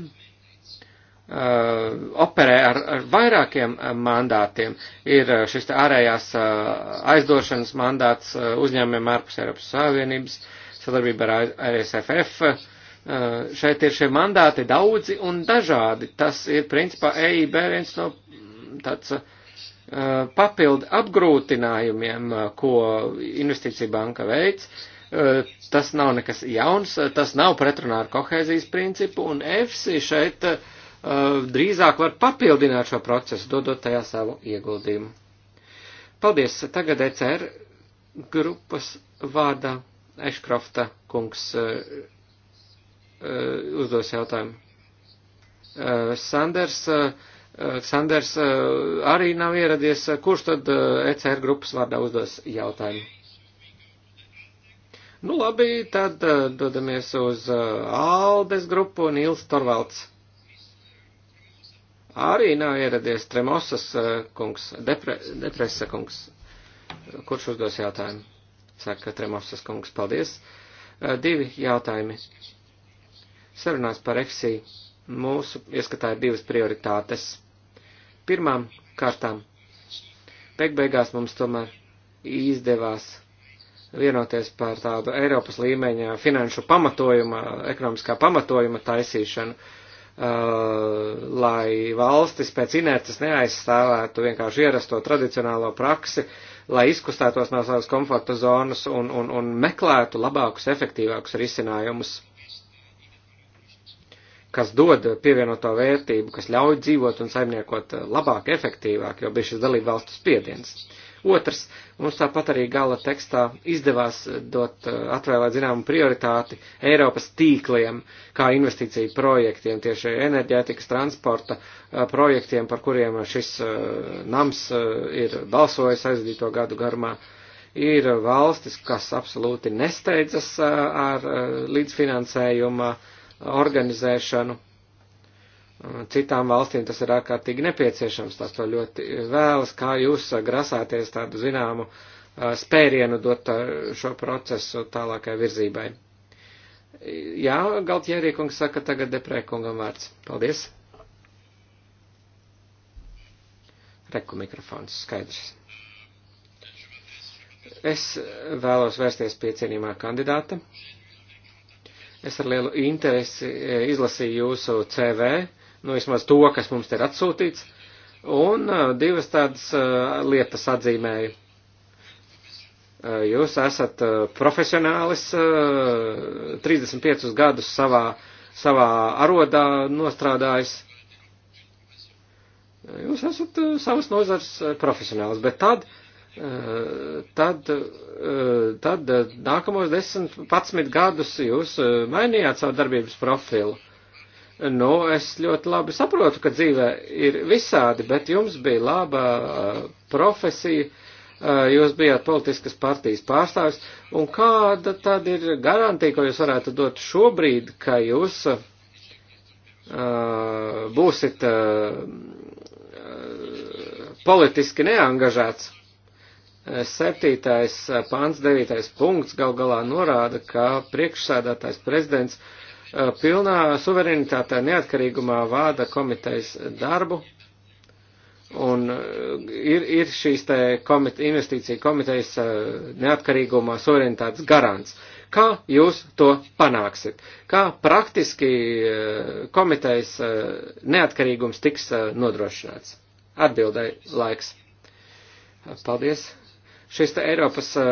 operē ar, ar vairākiem uh, mandātiem. Ir uh, šis ārējās uh, aizdošanas mandāts uh, uzņēmumiem ārpus Eiropas Savienības, sadarbība ar ASFF, uh, Eh, šeit ir šie mandāti daudzi un dažādi. Tas ir principā EIB viens no mm, tāds eh, papildu apgrūtinājumiem, eh, ko investīcija banka veids. Tas nav nekas jauns, tas nav pretrunā ar kohēzijas principu, un EFSI šeit drīzāk var papildināt šo procesu, dodot tajā savu ieguldījumu. Paldies! Tagad ECR grupas vārdā Eškrofta kungs Uh, uzdos jautājumu. Uh, Sanders, uh, Sanders arī nav ieradies. Kurš tad ECR grupas vārdā uzdos jautājumu? Nu labi, tad dodamies uz Aldes grupu un Ils Torvalds. Arī nav ieradies Tremosas kungs, depre, depresa kungs. Kurš uzdos jautājumu? Saka Tremosas kungs, paldies. Divi jautājumi Sarunās par EFSI mūsu ieskatā ir divas prioritātes. Pirmām kārtām, beig beigās mums tomēr izdevās vienoties par tādu Eiropas līmeņa finanšu pamatojuma, ekonomiskā pamatojuma taisīšanu, uh, lai valstis pēc inerces neaizstāvētu vienkārši ierasto tradicionālo praksi, lai izkustētos no savas komforta zonas un, un, un meklētu labākus, efektīvākus risinājumus. Uh, kas dod pievienoto vērtību, kas ļauj dzīvot un saimniekot labāk, efektīvāk, jo bija šis dalību valstu spiediens. Otrs, mums tāpat arī gala tekstā izdevās dot eh, atvēlēt zināmu prioritāti Eiropas tīkliem, kā investīciju projektiem, tieši enerģētikas transporta eh, projektiem, par kuriem šis eh, nams ir balsojis aizvadīto gadu garumā ir valstis, kas absolūti nesteidzas ar līdzfinansējuma uh, organizēšanu. Citām valstīm tas ir ārkārtīgi nepieciešams, tās to ļoti vēlas, kā jūs grasāties tādu zināmu spērienu dot šo procesu tālākai virzībai. Jā, Galtjērī kungs saka tagad deprē kungam vārds. Paldies. Reku mikrofons skaidrs. Es vēlos vērsties pie cienījumā kandidāta. Uh, Es ar lielu interesi e, izlasīju jūsu CV, nu vismaz to, kas mums te ir atsūtīts, un e, divas tādas e, lietas atzīmēju. Jūs esat profesionālis, 35 gadus savā, savā arodā nostrādājis. Jūs esat savas nozars profesionāls, bet tad uh, Eh, tad, eh, tad eh, nākamos 10, 11 gadus jūs mainījāt savu darbības profilu. Nu, es ļoti labi saprotu, ka dzīvē ir visādi, bet jums bija laba profesija, jūs bijāt politiskas partijas pārstāvis, un kāda tad ir garantija, ko jūs varētu dot šobrīd, ka jūs uh, būsit uh, politiski neangažēts? Eh, septītais eh, pāns, devītais punkts gal galā norāda, ka priekšsēdētājs prezidents eh, pilnā suverenitātē neatkarīgumā vāda komitejas darbu, un ir, ir šīs te komite, investīcija komitejas neatkarīgumā suverenitātes garants. Kā jūs to panāksiet? Kā praktiski komitejas neatkarīgums tiks nodrošināts? Atbildēja laiks. Paldies, Šis Eiropas uh,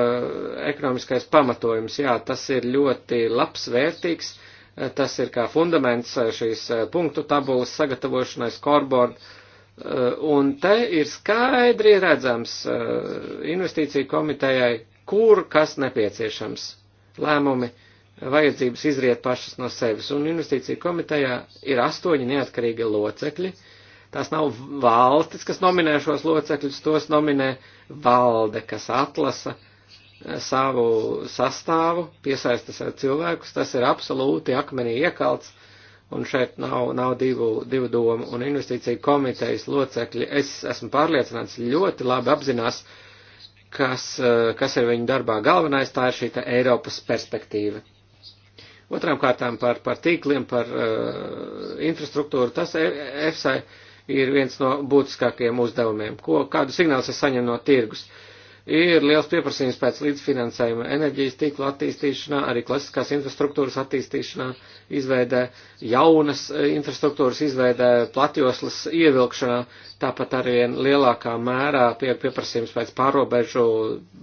ekonomiskais pamatojums, jā, tas ir ļoti labs, vērtīgs, uh, tas ir kā fundaments uh, šīs punktu tabulas sagatavošanai, scoreboard, un te ir skaidri redzams investīciju komitejai, kur kas nepieciešams. Lēmumi, vajadzības izriet pašas no sevis, un investīciju komitejā ir astoņi neatkarīgi locekļi, uh, Tās nav valstis, kas nominē šos locekļus, tos nominē valde, kas atlasa eh, savu sastāvu, piesaista sev cilvēkus. Tas ir absolūti akmenī iekalts, un šeit nav, nav divu, divu domu. Un investīcija komitejas locekļi, es esmu pārliecināts, ļoti labi apzinās, kas, eh, kas ir viņu darbā galvenais, tā ir šī Eiropas perspektīva. Otrām kārtām par, par tīkliem, par uh, infrastruktūru, tas EFSA e ir viens no būtiskākajiem uzdevumiem. Ko, kādu signālu es saņemu no tirgus? Ir liels pieprasījums pēc līdzfinansējuma enerģijas tīkla attīstīšanā, arī klasiskās infrastruktūras attīstīšanā, izveidē, jaunas eh, infrastruktūras izveidē, platjoslas ievilkšanā, tāpat arī lielākā mērā pie pieprasījums pēc pārobežu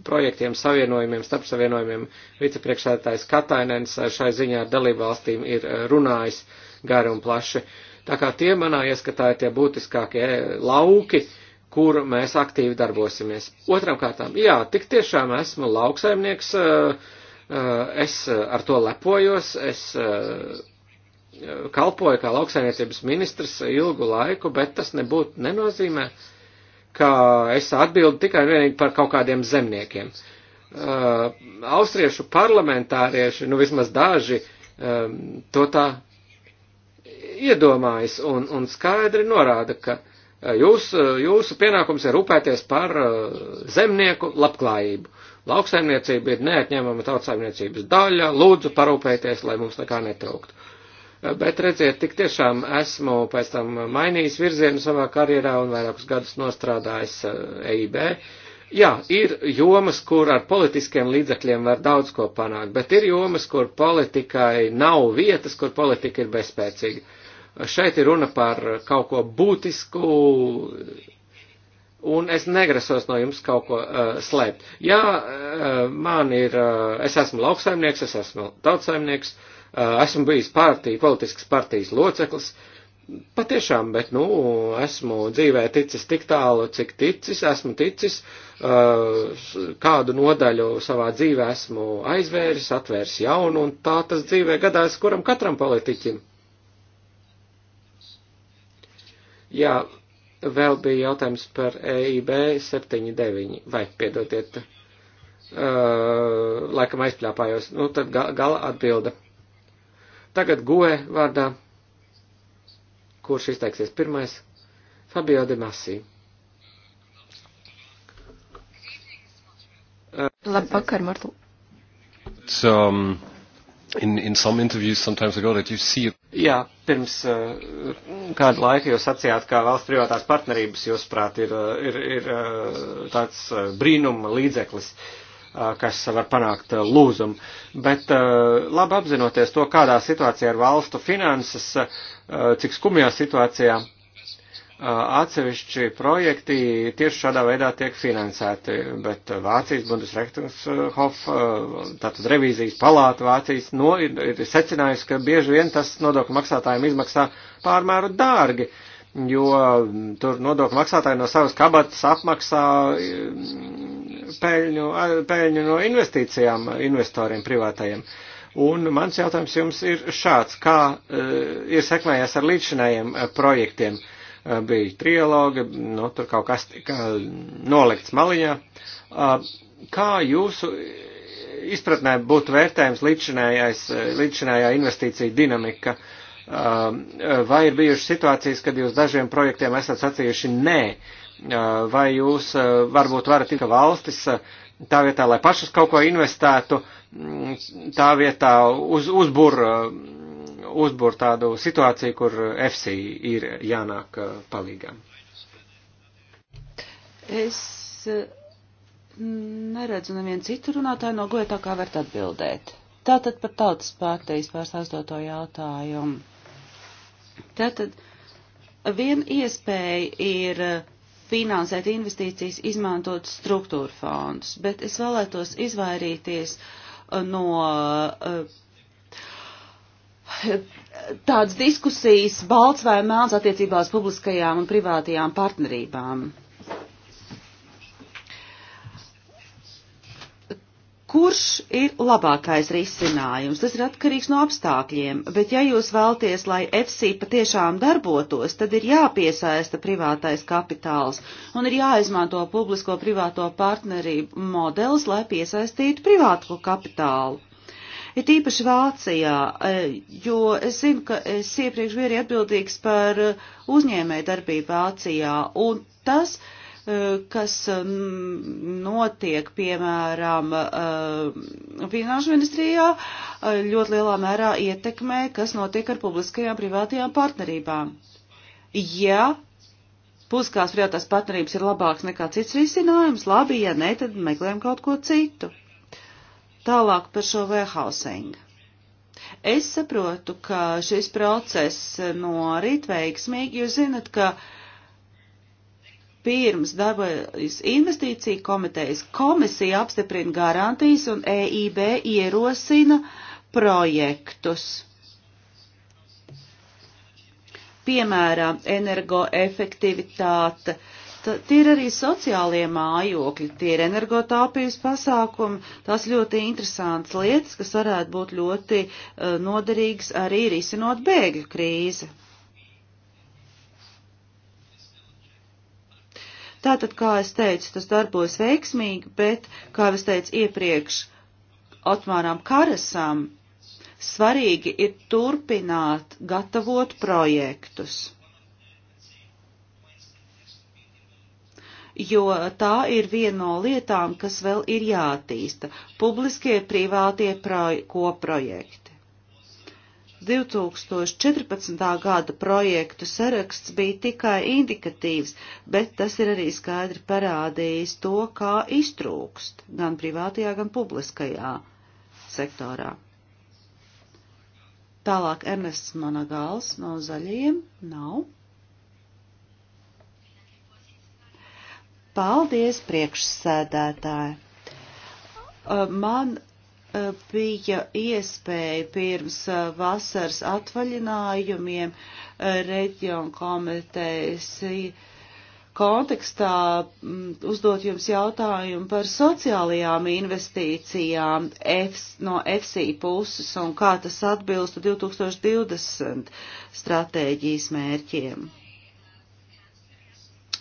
projektiem, savienojumiem, starp savienojumiem. Vicepriekšsētājs Katainens eh, šai ziņā ar dalībvalstīm ir eh, runājis gari un plaši. Uh, Tā kā tie manā ieskatā ir tie būtiskākie lauki, kur mēs aktīvi darbosimies. Otram kārtām, jā, tik tiešām esmu lauksaimnieks, eh, eh, es eh, ar to lepojos, es kalpoju kā lauksaimniecības ministrs ilgu laiku, bet tas nebūtu nenozīmē, ka es atbildu tikai un vienīgi par kaut kādiem zemniekiem. Austriešu parlamentārieši, nu vismaz daži, to tā iedomājas un, un skaidri norāda, ka eh, jūs, eh, jūsu pienākums ir rūpēties par eh, zemnieku labklājību. Lauksaimniecība ir neatņemama tautsaimniecības daļa, lūdzu parūpēties, lai mums nekā netrūktu. Bet redziet, tik tiešām esmu pēc tam mainījis virzienu savā karjerā un vairākus gadus nostrādājis EIB. E Jā, ir jomas, kur ar politiskiem līdzekļiem var daudz ko panākt, bet ir jomas, kur politikai nav vietas, kur politika ir bezspēcīga. Šeit ir runa par kaut ko būtisku, un es negrasos no jums kaut ko uh, slēpt. Jā, uh, man ir, uh, es esmu lauksaimnieks, es esmu tautsaimnieks, uh, esmu bijis partija, politisks partijas loceklis, uh, patiešām, bet, nu, esmu dzīvē ticis tik tālu, cik ticis, esmu ticis, uh, kādu nodaļu savā dzīvē esmu aizvēris, atvēris jaunu, un tā tas dzīvē gadās kuram katram politiķim. Jā, vēl bija jautājums par EIB 79, vai piedodiet, uh, laikam aizpļāpājos. Nu, tad ga gala atbilda. Tagad goe vārdā, kurš izteiksies pirmais, Fabio de Masī. Labvakar, Martu. Um, in, in some interviews some times ago that you see it. Jā, pirms uh, kādu laiku jūs sacījāt, ka valsts privātās partnerības, jūs prāt, eh, ir, ir, ir eh, tāds brīnuma līdzeklis, uh, kas var panākt uh, lūzumu. Bet uh, labi apzinoties to, kādā situācijā ir valstu finanses, uh, cik skumjā situācijā uh, atsevišķi projekti tieši šādā veidā tiek finansēti, bet Vācijas Bundesrechnungshof, tātad revīzijas palāta Vācijas, no, ir, ir secinājusi, ka bieži vien tas nodokļu maksātājiem izmaksā pārmēru dārgi, jo tur nodokļu maksātāji no savas kabatas apmaksā peļņu, peļņu no investīcijām investoriem privātajiem. Un mans jautājums jums ir šāds, kā ir sekmējies ar līdzinājiem projektiem? Uh, Eh, bija trialoga, nu, tur kaut kas tika nolikts maliņā. Eh, kā jūsu izpratnē būtu vērtējums eh, līdzšinējā investīcija dinamika? Vai ir bijušas situācijas, kad jūs dažiem projektiem esat sacījuši nē? Vai jūs varbūt varat tikai valstis tā vietā, lai pašas kaut ko investētu, mm, tā vietā uz, uzbur uzbūr tādu situāciju, kur FC ir jānāk uh, palīgām? Es uh, neredzu nevienu citu runātāju no goja, tā kā varat atbildēt. Tātad par tautas pārteis pārstāstoto jautājumu. Tātad viena iespēja ir uh, finansēt investīcijas, izmantot struktūra fondus, bet es vēlētos izvairīties no tādas diskusijas balts vai melns attiecībā uz publiskajām un privātajām partnerībām. Kurš ir labākais risinājums? Tas ir atkarīgs no apstākļiem, bet ja jūs vēlties, lai FC patiešām darbotos, tad ir jāpiesaista privātais kapitāls un ir jāizmanto publisko-privāto partnerību modelis, lai piesaistītu privāto kapitālu. It īpaši Vācijā, e, jo es zinu, ka es iepriekš biju arī atbildīgs par e, uzņēmē darbību Vācijā, un tas, e, kas notiek, piemēram, finanšu ministrijā, ļoti lielā mērā ietekmē, kas notiek ar publiskajām privātajām partnerībām. Ja publiskās privātās partnerības ir labāks nekā cits risinājums, labi, ja ne, tad meklējam kaut ko citu. Tālāk par šo warehousing. Es saprotu, ka šis process norit veiksmīgi. Jūs zinat, ka pirms darbojas investīcija komitejas komisija apstiprina garantijas un EIB ierosina projektus. Piemēram, energoefektivitāte. Uh, Tad tie ir arī sociālie mājokļi, tie ir energotāpības pasākumi, tās ļoti interesantas lietas, kas varētu būt ļoti uh, noderīgas arī risinot bēgļu krīzi. Tātad, kā es teicu, tas darbojas veiksmīgi, bet, kā es teicu iepriekš, Otmāram Karasam svarīgi ir turpināt gatavot projektus. jo tā ir viena no lietām, kas vēl ir jātīsta - publiskie privātie proj koprojekti. 2014. gada projektu saraksts bija tikai indikatīvs, bet tas ir arī skaidri parādījis to, kā iztrūkst gan privātajā, gan publiskajā sektorā. Tālāk Ernests Managāls no zaļiem nav. No. Paldies, priekšsēdētāji! Uh, man uh, bija iespēja pirms uh, vasaras atvaļinājumiem reģionu komitejas kontekstā mm, uzdot jums jautājumu par sociālajām investīcijām F, no FSI puses un kā tas atbilstu 2020 stratēģijas mērķiem.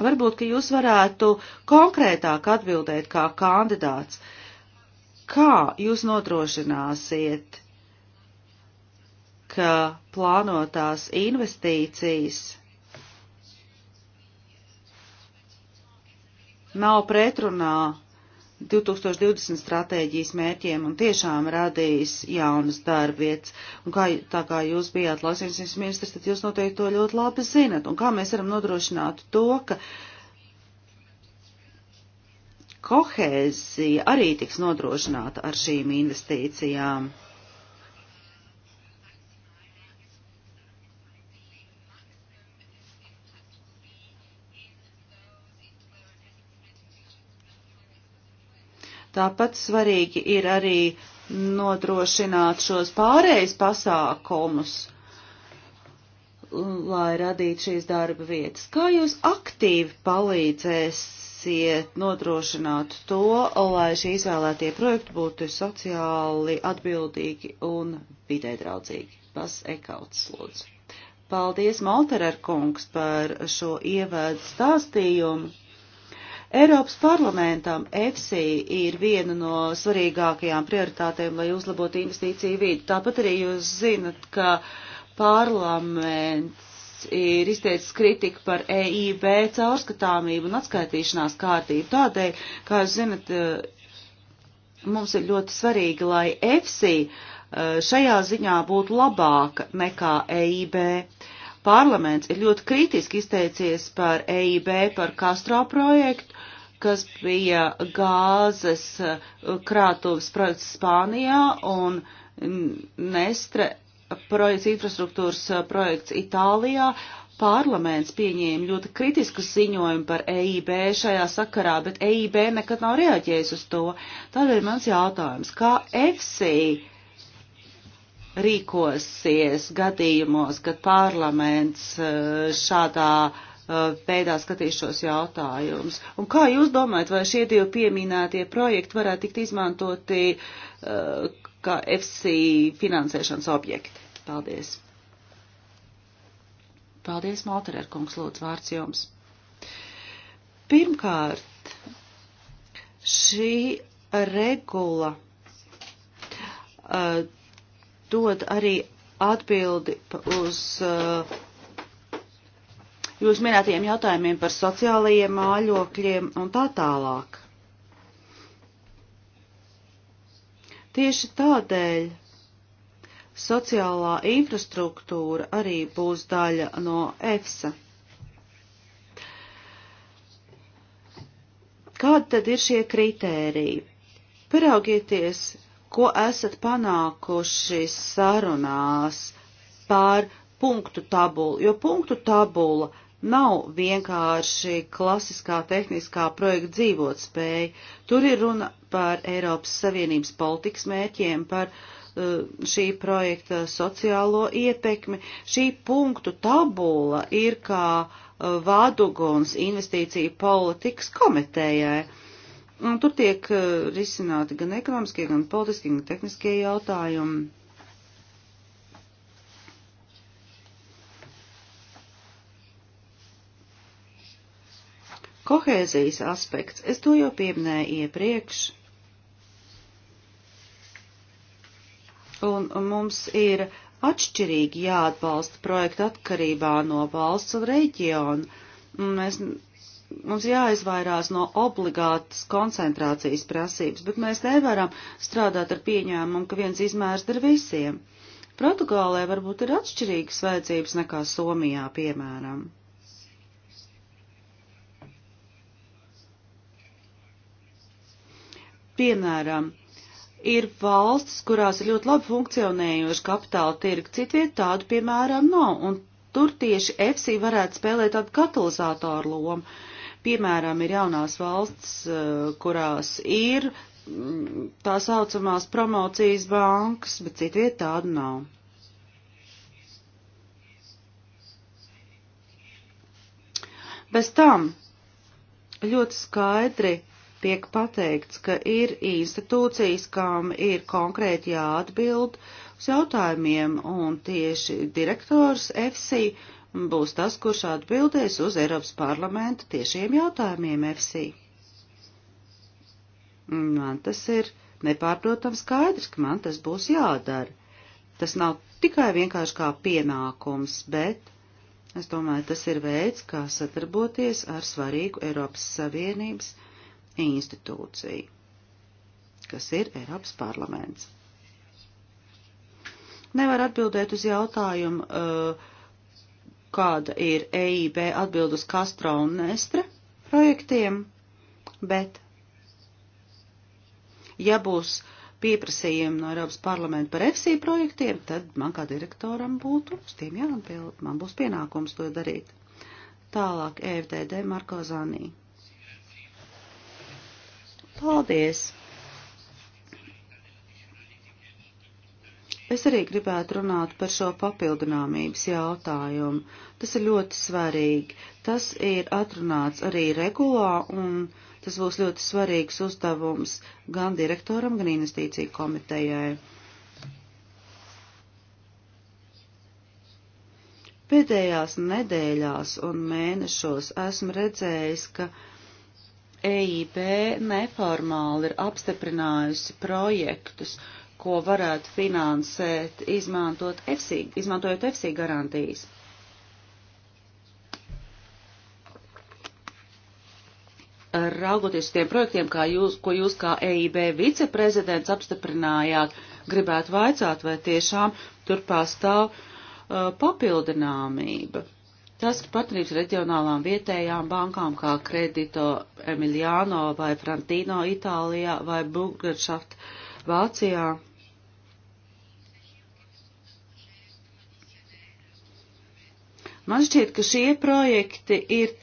Varbūt, ka jūs varētu konkrētāk atbildēt kā kandidāts, kā jūs nodrošināsiet, ka plānotās investīcijas nav pretrunā 2020 stratēģijas mērķiem un tiešām radīs jaunas darbvietas. Un kā, tā kā jūs bijāt lauksaimniecības ministrs, tad jūs noteikti to ļoti labi zinat. Un kā mēs varam nodrošināt to, ka kohēzija arī tiks nodrošināta ar šīm investīcijām? Tāpat svarīgi ir arī nodrošināt šos pārējais pasākumus, lai radītu šīs darba vietas. Kā jūs aktīvi palīdzēsiet nodrošināt to, lai šī izvēlētie projekti būtu sociāli atbildīgi un vidē draudzīgi? Pas Ekauts, lūdzu. Paldies, Malterer kungs, par šo ievēdu stāstījumu. Eiropas parlamentam EFSI ir viena no svarīgākajām prioritātēm, lai uzlabotu investīciju vidi. Tāpat arī jūs zinat, ka parlaments ir izteicis kritiku par EIB caurskatāmību un atskaitīšanās kārtību. Tādēļ, kā jūs zinat, eh, mums ir ļoti svarīgi, lai EFSI eh, šajā ziņā būtu labāka nekā EIB parlaments ir ļoti kritiski izteicies par EIB, par Castro projektu, kas bija gāzes uh, krātuves projekts Spānijā un Nestre projekts, infrastruktūras uh, projekts Itālijā. Parlaments pieņēma ļoti kritisku ziņojumu par EIB šajā sakarā, bet EIB nekad nav reaģējis uz to. Tādēļ mans jautājums, kā EFSI rīkosies gadījumos, kad parlaments eh, šādā eh, veidā skatīs šos jautājumus. Un kā jūs domājat, vai šie divi pieminētie projekti varētu tikt izmantoti eh, kā FC finansēšanas objekti? Paldies. Paldies, Malterer kungs, lūdzu vārds jums. Pirmkārt, šī regula uh, dod arī atbildi uz uh, jūs minētajiem jautājumiem par sociālajiem mājokļiem un tā tālāk. Tieši tādēļ sociālā infrastruktūra arī būs daļa no EFSA. Kādi tad ir šie kritēriji? Paraugieties, ko esat panākuši sarunās par punktu tabulu, jo punktu tabula nav vienkārši klasiskā tehniskā projekta dzīvot spēja. Tur ir runa par Eiropas Savienības politikas mērķiem, par uh, šī projekta sociālo ietekmi. Šī punktu tabula ir kā uh, vaduguns investīciju politikas komitējai. Uh, Un tur tiek eh, risināti gan ekonomiskie, gan politiskie, gan tehniskie jautājumi. Kohēzijas aspekts, es to jau pieminēju iepriekš. Un mums ir atšķirīgi jāatbalsta projekta atkarībā no valsts un reģiona. Mēs mums jāizvairās no obligātas koncentrācijas prasības, bet mēs nevaram strādāt ar pieņēmumu, ka viens izmērs der visiem. Portugālē varbūt ir atšķirīgas vajadzības nekā Somijā, piemēram. Piemēram, ir valstis, kurās ir ļoti labi funkcionējoši kapitāla tirgi, citviet tādu, piemēram, nav, un tur tieši EFSI varētu spēlēt tādu katalizātoru lomu. Piemēram, ir jaunās valsts, eh, kurās ir mm, tā saucamās promocijas bankas, bet citviet tādu nav. Bez tam ļoti skaidri tiek pateikts, ka ir institūcijas, kam ir konkrēti jāatbild uz jautājumiem, un tieši direktors EFSI būs tas, kurš atbildēs uz Eiropas parlamenta tiešiem jautājumiem FC. Man tas ir nepārprotams skaidrs, ka man tas būs jādara. Tas nav tikai vienkārši kā pienākums, bet es domāju, tas ir veids, kā sadarboties ar svarīgu Eiropas Savienības institūciju, kas ir Eiropas parlaments. Nevar atbildēt uz jautājumu, uh, kāda ir EIB atbild uz Castro un Nestre projektiem, bet ja būs pieprasījumi no Eiropas parlamenta par EFSI projektiem, tad man kā direktoram būtu uz tiem jāatbild, man būs pienākums to darīt. Tālāk EFDD Marko Zanī. Paldies! Es arī gribētu runāt par šo papildināmības jautājumu. Tas ir ļoti svarīgi. Tas ir atrunāts arī regulā, un tas būs ļoti svarīgs uzdevums gan direktoram, gan investīciju komitejai. Pēdējās nedēļās un mēnešos esmu redzējis, ka EIB neformāli ir apstiprinājusi projektus, uh, ko varētu finansēt, izmantot EFSI, izmantojot EFSI garantijas. Raugoties uz tiem projektiem, kā jūs, ko jūs kā EIB viceprezidents apstiprinājāt, gribētu vaicāt, vai tiešām tur pastāv uh, papildināmība. Tas ir patnības reģionālām vietējām bankām kā Kredito Emiliano vai Frantino Itālijā vai Bugaršaft Vācijā. Man šķiet, ka šie projekti ir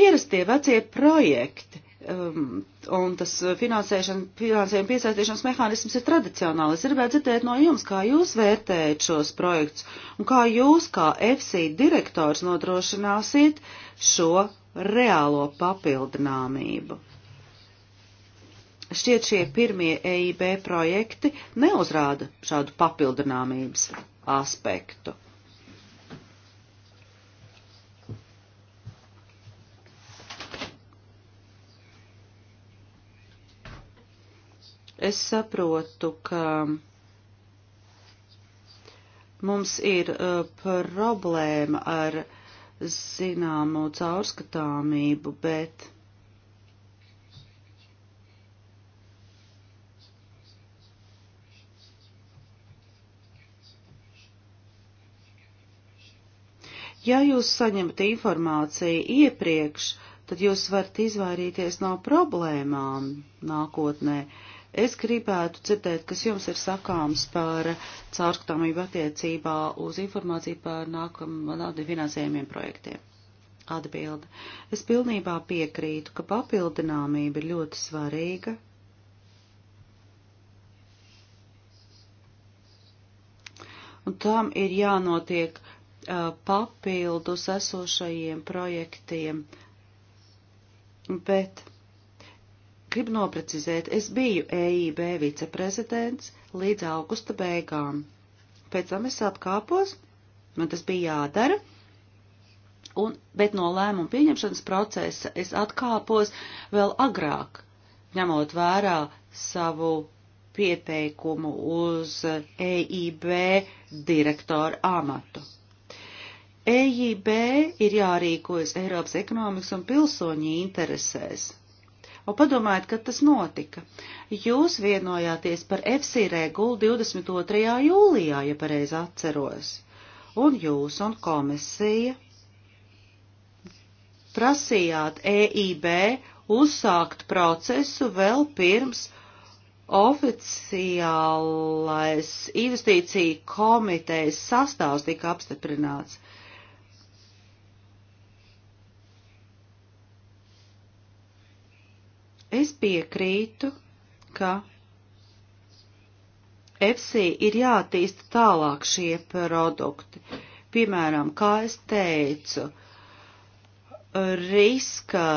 ierastie vecie projekti. Um, un tas finansējuma piesaistīšanas mehānisms ir tradicionāli. Es gribētu dzirdēt no jums, kā jūs vērtējat šos projektus un kā jūs, kā FC direktors, nodrošināsiet šo reālo papildināmību. Šķiet šie pirmie EIB projekti neuzrāda šādu papildināmības aspektu. Es saprotu, ka mums ir uh, problēma ar zināmu caurskatāmību, bet ja jūs saņemat informāciju iepriekš, tad jūs varat izvairīties no problēmām nākotnē. Uh, Es gribētu dzirdēt, kas jums ir sakāms par caurskatāmību attiecībā uz informāciju par nākamajiem finansējumiem projektiem. Atbilde. Es pilnībā piekrītu, ka papildināmība ir ļoti svarīga. Un tam ir jānotiek uh, papildus esošajiem projektiem. Bet Gribu noprecizēt, es biju EIB viceprezidents līdz augusta beigām. Pēc tam es atkāpos, man tas bija jādara, un, bet no lēmumu pieņemšanas procesa es atkāpos vēl agrāk, ņemot vērā savu pieteikumu uz EIB direktoru amatu. EIB ir jārīkojas Eiropas ekonomikas un pilsoņu interesēs. Un padomājiet, kad tas notika. Jūs vienojāties par FC regulu 22. jūlijā, ja pareizi atceros. Un jūs un komisija prasījāt EIB uzsākt procesu vēl pirms oficiālais investīcija komitejas sastāvs tika apstiprināts. Es piekrītu, ka FC ir jātīsta tālāk šie produkti. Piemēram, kā es teicu, riska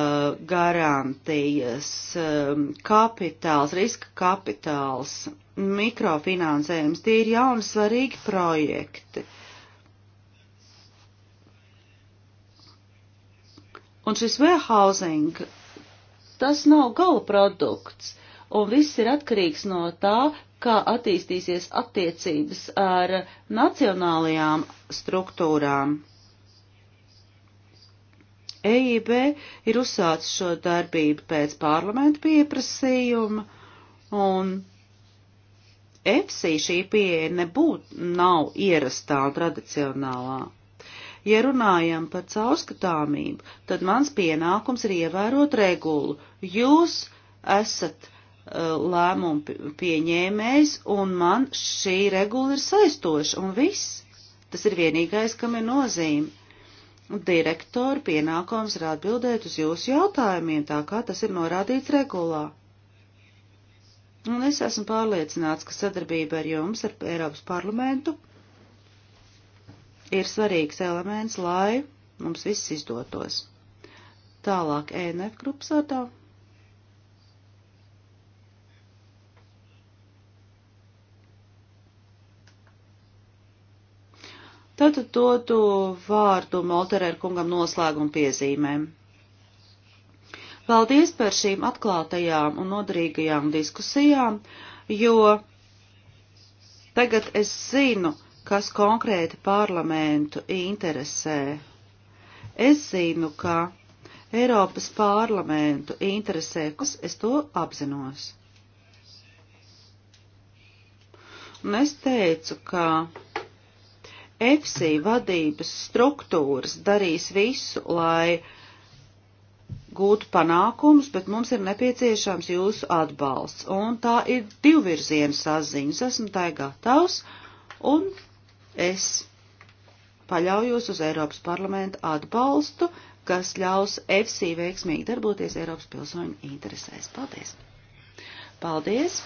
garantijas, um, kapitāls, riska kapitāls, mikrofinansējums, tie ir jauni svarīgi projekti. Un šis warehousing tas nav gala produkts, un viss ir atkarīgs no tā, kā attīstīsies attiecības ar nacionālajām struktūrām. EIB ir uzsācis šo darbību pēc parlamenta pieprasījuma, un EFSI šī pieeja nebūtu nav ierastā un tradicionālā. Ja runājam par caurskatāmību, tad mans pienākums ir ievērot regulu. Jūs esat uh, lēmumu pieņēmējs, un man šī regula ir saistoša, un viss. Tas ir vienīgais, kam ir nozīme. Direktora pienākums ir atbildēt uz jūsu jautājumiem, tā kā tas ir norādīts regulā. Un es esmu pārliecināts, ka sadarbība ar jums, ar Eiropas parlamentu, ir svarīgs elements, lai mums viss izdotos. Tālāk ENF grupas vārdā. Tātad dotu vārdu Molterēra kungam noslēguma piezīmēm. Paldies par šīm atklātajām un noderīgajām diskusijām, jo tagad es zinu, kas konkrēti parlamentu interesē. Es zinu, ka Eiropas parlamentu interesē, kas es to apzinos. Un es teicu, ka EPSI vadības struktūras darīs visu, lai gūtu panākumus, bet mums ir nepieciešams jūsu atbalsts. Un tā ir divvirziena saziņas. Esmu tai gatavs un Es paļaujos uz Eiropas parlamenta atbalstu, kas ļaus FC veiksmīgi darboties Eiropas pilsoņu interesēs. Paldies! Paldies!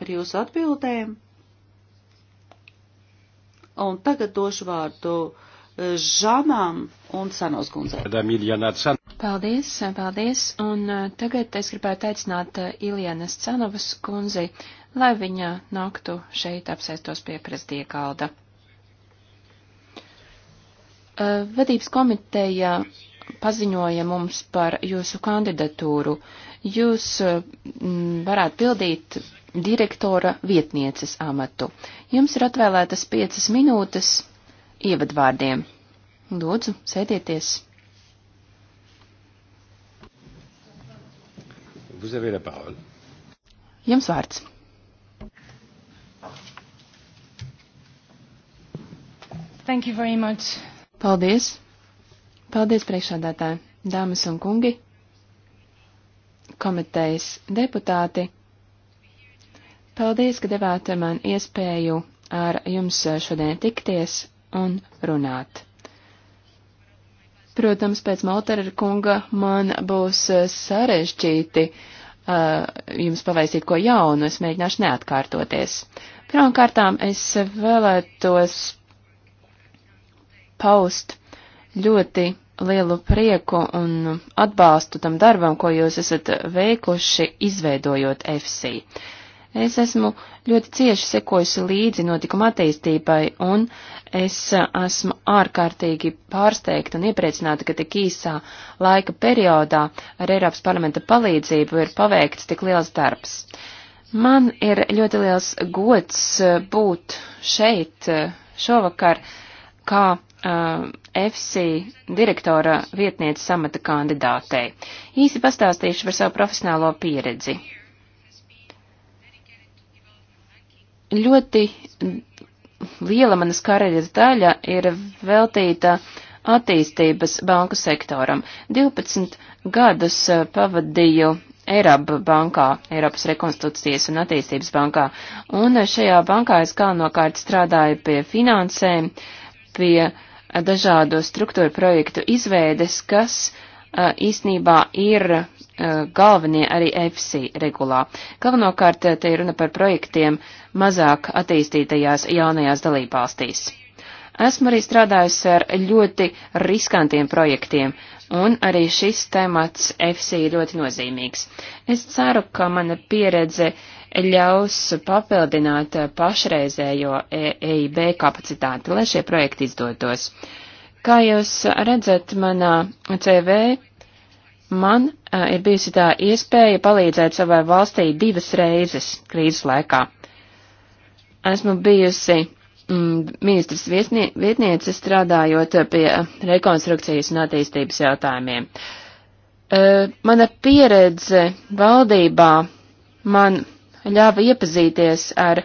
Par jūsu atbildēm. Un tagad došu vārdu Žanām un Sanos kundzei. Paldies, paldies, un uh, tagad es gribētu aicināt uh, Ilienas Canovas kundzi, lai viņa naktu šeit apsēstos pie prezidija galda. Uh, vadības komiteja paziņoja mums par jūsu kandidatūru. Jūs varētu pildīt direktora vietnieces amatu. Jums ir atvēlētas piecas minūtes ievadvārdiem. Lūdzu, sēdieties! Vous avez la parole. Jums vārds. Thank you very much. Paldies. Paldies priekšādātāji, dāmas un kungi, komitejas deputāti. Paldies, ka devāt man iespēju ar jums šodien tikties un runāt. Protams, pēc Maltera kunga man būs eh, sarežģīti uh, jums pavaisīt ko jaunu, es mēģināšu neatkārtoties. Pirmkārtām es vēlētos paust ļoti lielu prieku un atbalstu tam darbam, ko jūs esat veikuši, izveidojot FC. Es esmu ļoti cieši sekojusi līdzi notikuma attīstībai, un es esmu ārkārtīgi pārsteigta un iepriecināta, ka tik īsā laika periodā ar Eiropas parlamenta palīdzību ir paveikts tik liels darbs. Man ir ļoti liels gods būt šeit šovakar kā uh, FC direktora vietniece samata kandidātei. Īsi pastāstīšu par savu profesionālo pieredzi. ļoti liela manas karjeras daļa ir veltīta attīstības banku sektoram. 12 gadus eh, pavadīju Eiraba bankā, Eiropas rekonstrukcijas un attīstības bankā, un eh, šajā bankā es galvenokārt strādāju pie finansēm, pie eh, dažādu struktūru projektu izveides, kas īsnībā ir Eh, galvenie arī EFSI regulā. Galvenokārt eh, te ir runa par projektiem mazāk attīstītajās jaunajās dalībvalstīs. Esmu arī strādājusi ar ļoti riskantiem projektiem, un arī šis temats EFSI ir ļoti nozīmīgs. Es ceru, ka mana pieredze ļaus papildināt eh, pašreizējo EIB e kapacitāti, lai šie projekti izdotos. Kā jūs redzat manā CV, Man uh, ir bijusi tā iespēja palīdzēt savai valstī divas reizes krīzes laikā. Esmu bijusi mm, ministrs vietnie, vietniece strādājot pie rekonstrukcijas un attīstības jautājumiem. Uh, mana pieredze valdībā man ļāva iepazīties ar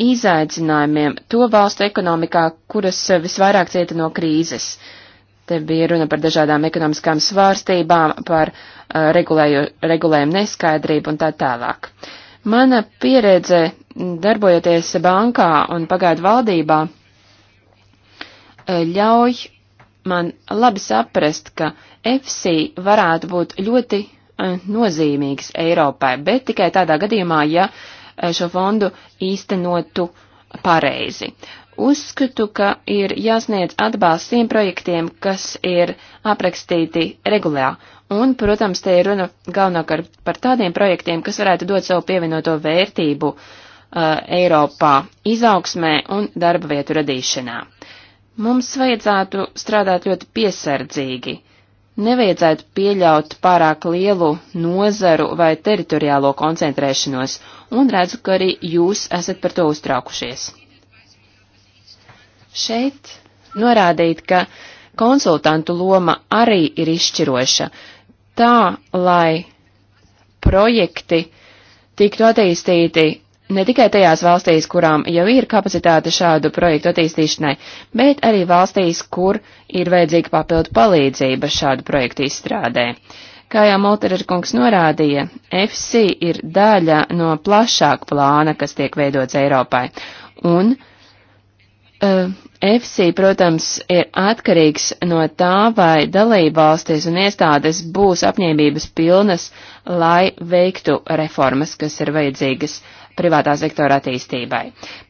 izaicinājumiem to valstu ekonomikā, kuras eh, visvairāk cieta no krīzes. Uh, Te bija runa par dažādām ekonomiskām svārstībām, par uh, regulēju, regulējumu neskaidrību un tā tālāk. Mana pieredze darbojoties bankā un pagaidu valdībā eh, ļauj man labi saprast, ka FC varētu būt ļoti uh, nozīmīgs Eiropai, bet tikai tādā gadījumā, ja eh, šo fondu īstenotu pareizi. Uh, Uzskatu, ka ir jāsniedz atbalsts tiem projektiem, kas ir aprakstīti regulā, un, protams, te ir runa galvenokārt par tādiem projektiem, kas varētu dot savu pievienoto vērtību uh, Eiropā izaugsmē un darba vietu radīšanā. Mums vajadzētu strādāt ļoti piesardzīgi. Nevajadzētu pieļaut pārāk lielu nozaru vai teritoriālo koncentrēšanos, un redzu, ka arī jūs esat par to uztraukušies šeit norādīt, ka konsultantu loma arī ir izšķiroša, tā lai projekti tiktu attīstīti ne tikai tajās valstīs, kurām jau ir kapacitāte šādu projektu attīstīšanai, bet arī valstīs, kur ir vajadzīga papildu palīdzība šādu projektu izstrādē. Kā jau Moltererkungs norādīja, FC ir daļa no plašāka plāna, kas tiek veidots Eiropai, un uh, EFSI, protams, ir atkarīgs no tā, vai dalībvalstis un iestādes būs apņēmības pilnas, lai veiktu reformas, kas ir vajadzīgas privātā sektora attīstībai.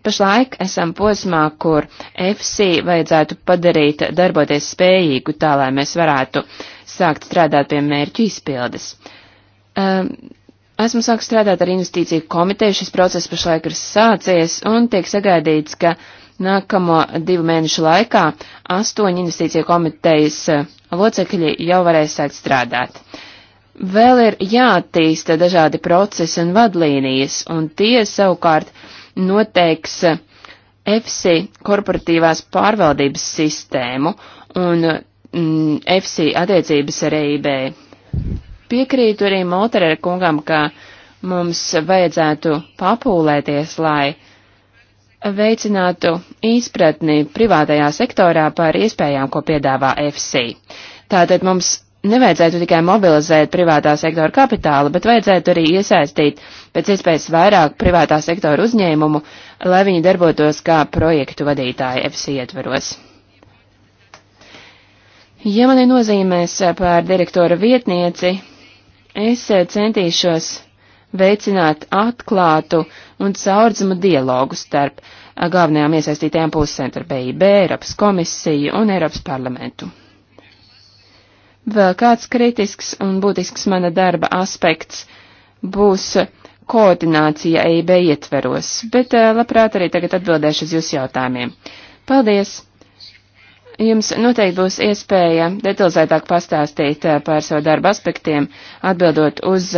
Pašlaik esam posmā, kur EFSI vajadzētu padarīt darboties spējīgu tā, lai mēs varētu sākt strādāt pie mērķu izpildes. Um, esmu sākusi strādāt ar investīciju komiteju, šis process pašlaik ir sācies un tiek sagaidīts, ka uh, Nākamo divu mēnešu laikā astoņu investīciju komitejas eh, locekļi jau varēs sākt strādāt. Vēl ir jātīsta dažādi procesi un vadlīnijas, un tie savukārt noteiks EFSI eh, korporatīvās pārvaldības sistēmu un mm, EFSI attiecības ar EIB. Piekrītu arī Motorera kungam, ka mums vajadzētu papūlēties, lai veicinātu izpratni privātajā sektorā par iespējām, ko piedāvā FC. Tātad mums nevajadzētu tikai mobilizēt privātā sektora kapitālu, bet vajadzētu arī iesaistīt pēc iespējas vairāk privātā sektora uzņēmumu, lai viņi darbotos kā projektu vadītāji FC ietveros. Ja man ir nozīmēs par direktora vietnieci, es centīšos veicināt atklātu un caurdzumu dialogu starp galvenajām iesaistītajām pusēm, starp EIB, Eiropas komisiju un Eiropas parlamentu. Vēl kāds kritisks un būtisks mana darba aspekts būs koordinācija EIB ietveros, bet eh, labprāt arī tagad atbildēšu uz jūsu jautājumiem. Paldies! Jums noteikti būs iespēja detalizētāk pastāstīt eh, par savu darbu aspektiem, atbildot uz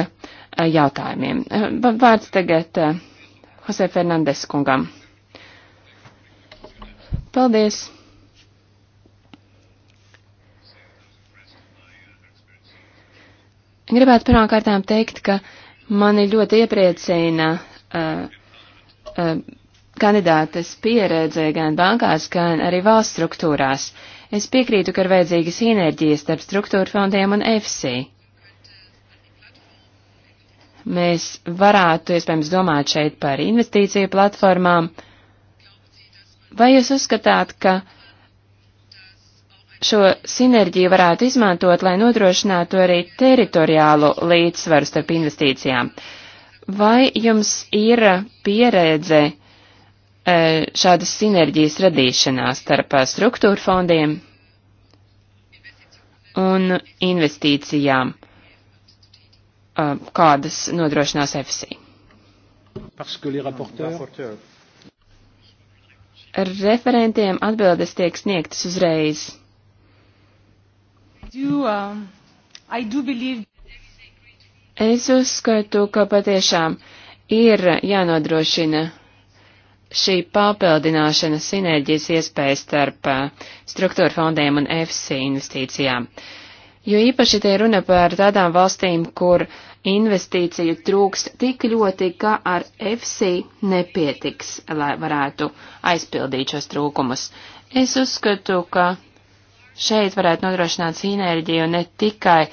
Eh, jautājumiem. Eh, vārds tagad eh, Jose Fernandes kungam. Paldies! Gribētu pirmkārtām teikt, ka mani ļoti iepriecina uh, uh, kandidātes pieredze gan bankās, gan arī valsts struktūrās. Es piekrītu, ka ir vajadzīga sinerģija starp struktūra fondiem un EFSI. Mēs varētu, iespējams, domāt šeit par investīciju platformām. Vai jūs uzskatāt, ka šo sinerģiju varētu izmantot, lai nodrošinātu arī teritoriālu līdzsvaru starp investīcijām? Vai jums ir pieredze e, šādas sinerģijas radīšanā starp e, struktūra fondiem un investīcijām? Um, kādas nodrošinās EFSI. Referentiem atbildes tiek sniegtas uzreiz. Do, um, believe... Es uzskatu, ka patiešām ir jānodrošina šī papildināšana sinerģijas iespējas starp uh, struktūra fondiem un FC investīcijām. Uh, Jo īpaši te runa par tādām valstīm, kur investīciju trūkst tik ļoti, ka ar FC nepietiks, lai varētu aizpildīt šos trūkumus. Es uzskatu, ka šeit varētu nodrošināt sinerģiju ne tikai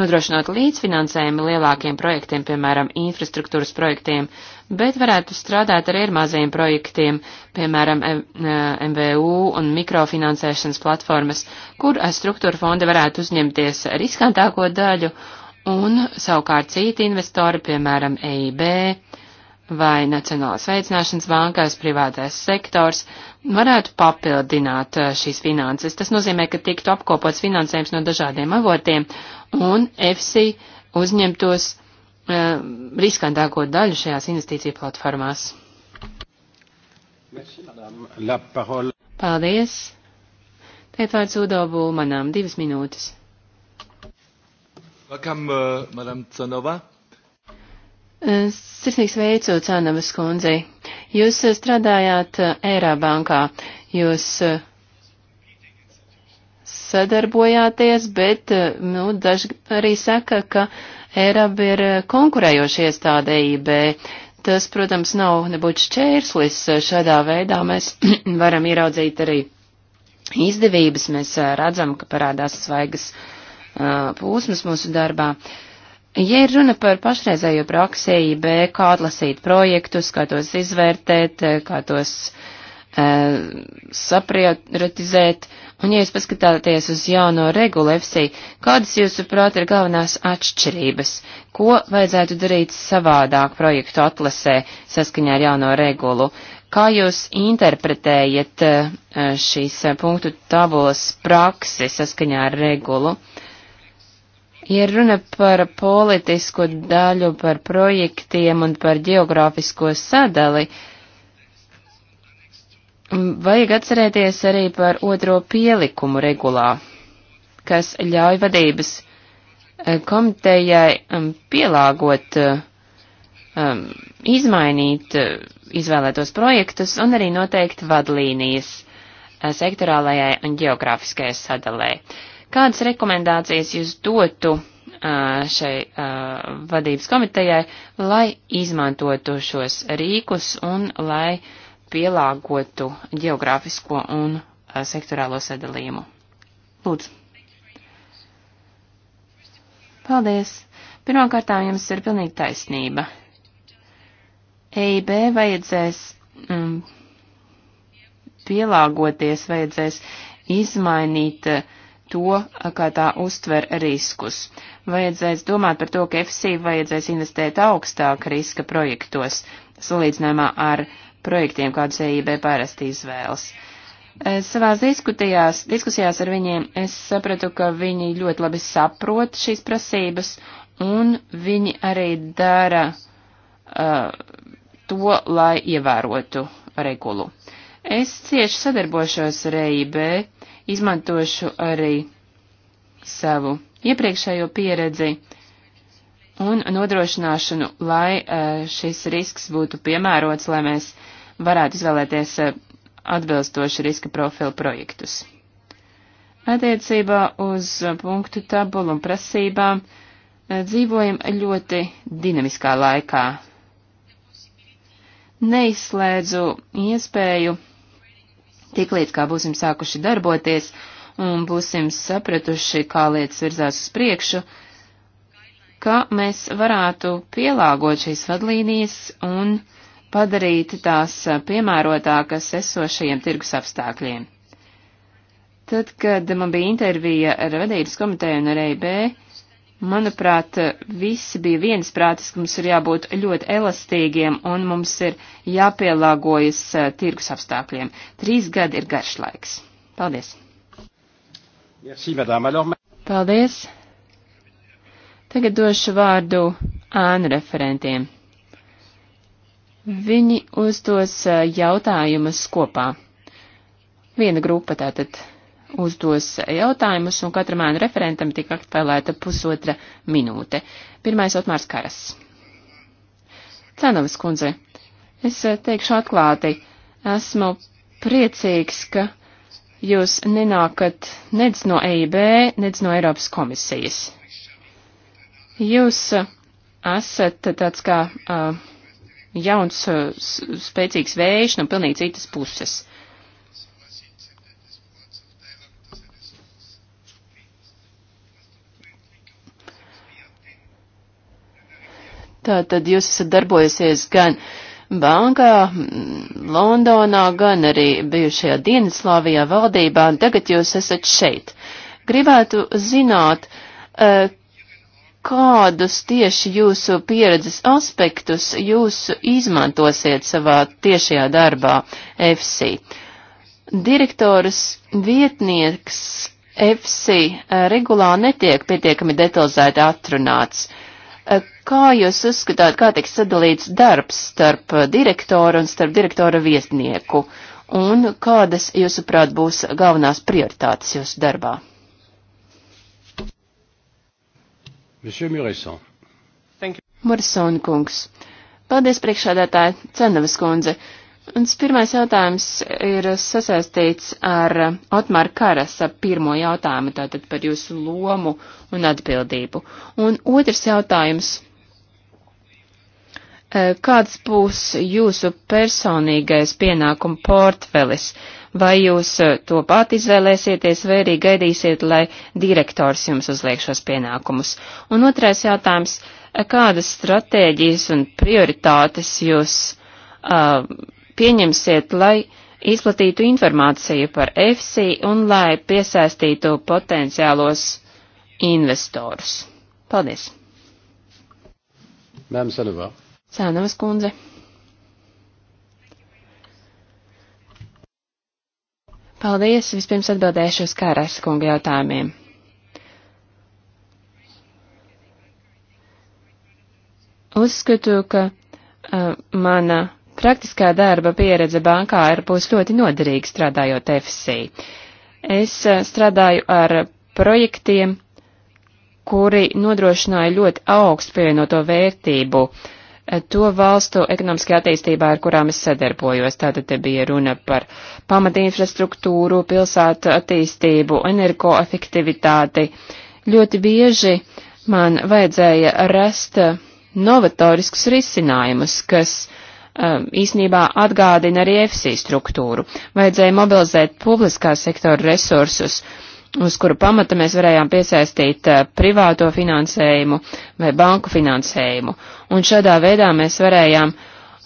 nodrošinot līdzfinansējumu lielākiem projektiem, piemēram, infrastruktūras projektiem, bet varētu strādāt arī ar maziem projektiem, piemēram, MVU eh, un mikrofinansēšanas platformas, kur struktūra fonda varētu uzņemties riskantāko daļu un savukārt citi investori, piemēram, EIB vai Nacionālās veicināšanas bankās privātais sektors, varētu papildināt eh, šīs finanses. Tas nozīmē, ka tiktu apkopots finansējums no dažādiem avotiem un EFSI uzņemtos Uh, riskantāko daļu šajās investīciju platformās. Paldies! Teikt vārds Udo Bulmanām, divas minūtes. Welcome, uh, Madam Canova. Uh, sirsnīgs veicu, Cānavas kundzi. Jūs uh, strādājāt ērā bankā. Jūs sadarbojāties, bet, nu, daži arī saka, ka uh, Eirab ir eh, konkurējoša iestāde IB. Tas, protams, nav nebūtu šķērslis. Šādā veidā mēs [CLEARS THROAT] varam ieraudzīt arī izdevības. Mēs eh, redzam, ka parādās svaigas uh, plūsmas mūsu darbā. Ja ir runa par pašreizējo praksi IB, kā atlasīt projektus, kā tos izvērtēt, kā tos uh, Uh, saprioritizēt, un ja jūs paskatāties uz jauno regulu FC, kādas jūsuprāt ir galvenās atšķirības, ko vajadzētu darīt savādāk projektu atlasē saskaņā ar jauno regulu, kā jūs interpretējat uh, šīs uh, punktu tabulas praksi saskaņā ar regulu? Ja runa par politisko daļu, par projektiem un par geogrāfisko sadali, uh, Mm, vajag atcerēties arī par otro pielikumu regulā, kas ļauj vadības eh, komitejai mm, pielāgot, eh, mm, izmainīt eh, izvēlētos projektus un arī noteikt vadlīnijas sektorālajai un geogrāfiskajai sadalē. Kādas rekomendācijas jūs dotu šai vadības komitejai, lai izmantotu šos rīkus un lai uh, pielāgotu geogrāfisko un eh, sektorālo sadalījumu. Lūdzu. Paldies. Pirmkārtām jums ir pilnīgi taisnība. EIB vajadzēs mm, pielāgoties, vajadzēs izmainīt eh, to, kā tā uztver riskus. Vajadzēs domāt par to, ka FC vajadzēs investēt augstāk riska projektos, salīdzinājumā ar uh, projektiem, kādus EIB parasti izvēlas. Savās diskusijās, diskusijās ar viņiem es sapratu, ka viņi ļoti labi saprot šīs prasības, un viņi arī dara uh, to, lai ievērotu regulu. Es cieši sadarbošos ar EIB, izmantošu arī savu iepriekšējo pieredzi un nodrošināšanu, lai e, šis risks būtu piemērots, lai mēs varētu izvēlēties e, atbilstoši riska profilu projektus. Attiecībā uz punktu tabulu un prasībām e, dzīvojam ļoti dinamiskā laikā. Neizslēdzu iespēju, tiklīdz kā būsim sākuši darboties un būsim sapratuši, kā lietas virzās uz priekšu, uh, ka mēs varētu pielāgot šīs vadlīnijas un padarīt tās piemērotākas esošajiem tirgus apstākļiem. Tad, kad man bija intervija ar vadības komiteju un ar EIB, manuprāt, visi bija viensprātis, ka mums ir jābūt ļoti elastīgiem un mums ir jāpielāgojas tirgus apstākļiem. Trīs gadi ir garš laiks. Paldies! Merci, madame. Alors... Paldies! Tagad došu vārdu ānu referentiem. Viņi uzdos jautājumus kopā. Viena grupa tātad uzdos jautājumus, un katram ēnu referentam tika atvēlēta pusotra minūte. Pirmais Otmārs Karas. Cenovas kundze, es teikšu atklāti, esmu priecīgs, ka jūs nenākat nec no EIB, nec no Eiropas komisijas. Jūs uh, esat tāds kā uh, jauns, uh, spēcīgs vējš no pilnīgi citas puses. Tātad jūs esat darbojusies gan bankā, mm, Londonā, gan arī bijušajā Dienaslāvijā valdībā, un tagad jūs esat šeit. Gribētu zināt, uh, kādus tieši jūsu pieredzes aspektus jūs izmantosiet savā tiešajā darbā EFSI. Direktoras vietnieks EFSI eh, regulā netiek pietiekami detalizēti atrunāts. Eh, kā jūs uzskatāt, kā tiks sadalīts darbs starp eh, direktoru un starp direktora vietnieku? Un kādas, jūsuprāt, būs galvenās prioritātes jūsu darbā? Murisona kungs. Paldies, priekšādātāji, Cenovas kundze. Un pirmais jautājums ir sasaistīts ar Otmar Karasa pirmo jautājumu, tātad par jūsu lomu un atbildību. Un otrs jautājums Eh, kāds būs jūsu personīgais pienākumu portfelis? Vai jūs eh, to pat izvēlēsieties, vai arī gaidīsiet, lai direktors jums uzliek šos pienākumus? Un otrais jautājums eh, - kādas stratēģijas un prioritātes jūs uh, pieņemsiet, lai izplatītu informāciju par EFSI un lai piesaistītu potenciālos investorus? Paldies! Mēm Sanovā. Cēnavas kundze. Paldies! Vispirms atbildēšu uz Kāras kunga jautājumiem. Uzskatu, ka uh, mana praktiskā darba pieredze bankā ir būs ļoti noderīga strādājot FSI. Es uh, strādāju ar projektiem, kuri nodrošināja ļoti augstu pievienoto vērtību uh, Eh, to valstu ekonomiskajā attīstībā, ar kurām es sadarbojos. Tātad te bija runa par pamatinfrastruktūru, pilsētu attīstību, energoefektivitāti. Ļoti bieži man vajadzēja rast eh, novatoriskus risinājumus, kas um, īsnībā atgādina arī EFSI struktūru. Vajadzēja mobilizēt publiskā sektora resursus, uh, uz kuru pamata mēs varējām piesaistīt eh, privāto finansējumu vai banku finansējumu. Un šādā veidā mēs varējām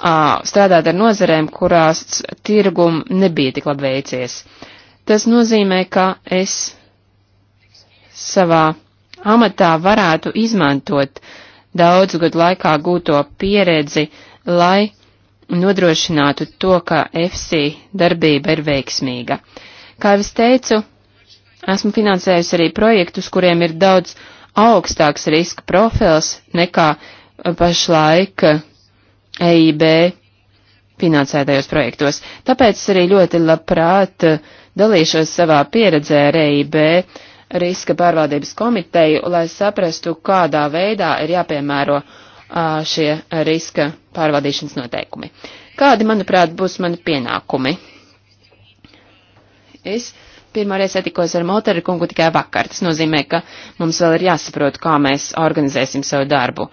a, strādāt ar nozerēm, kurās tirgum nebija tik labi veicies. Tas nozīmē, ka es savā amatā varētu izmantot daudzu gadu laikā gūto pieredzi, lai nodrošinātu to, ka FC darbība ir veiksmīga. Kā jau es teicu, Esmu finansējusi arī projektus, kuriem ir daudz augstāks riska profils nekā eh, pašlaik EIB eh, e finansētajos projektos. Tāpēc es arī ļoti labprāt eh, dalīšos savā pieredzē ar EIB riska pārvaldības komiteju, lai saprastu, kādā veidā ir jāpiemēro šie riska pārvaldīšanas noteikumi. Kādi, manuprāt, būs mani pienākumi? Es Pirmoreiz satikos ar Moteru kungu tikai vakar. Tas nozīmē, ka mums vēl ir jāsaprot, kā mēs organizēsim savu darbu.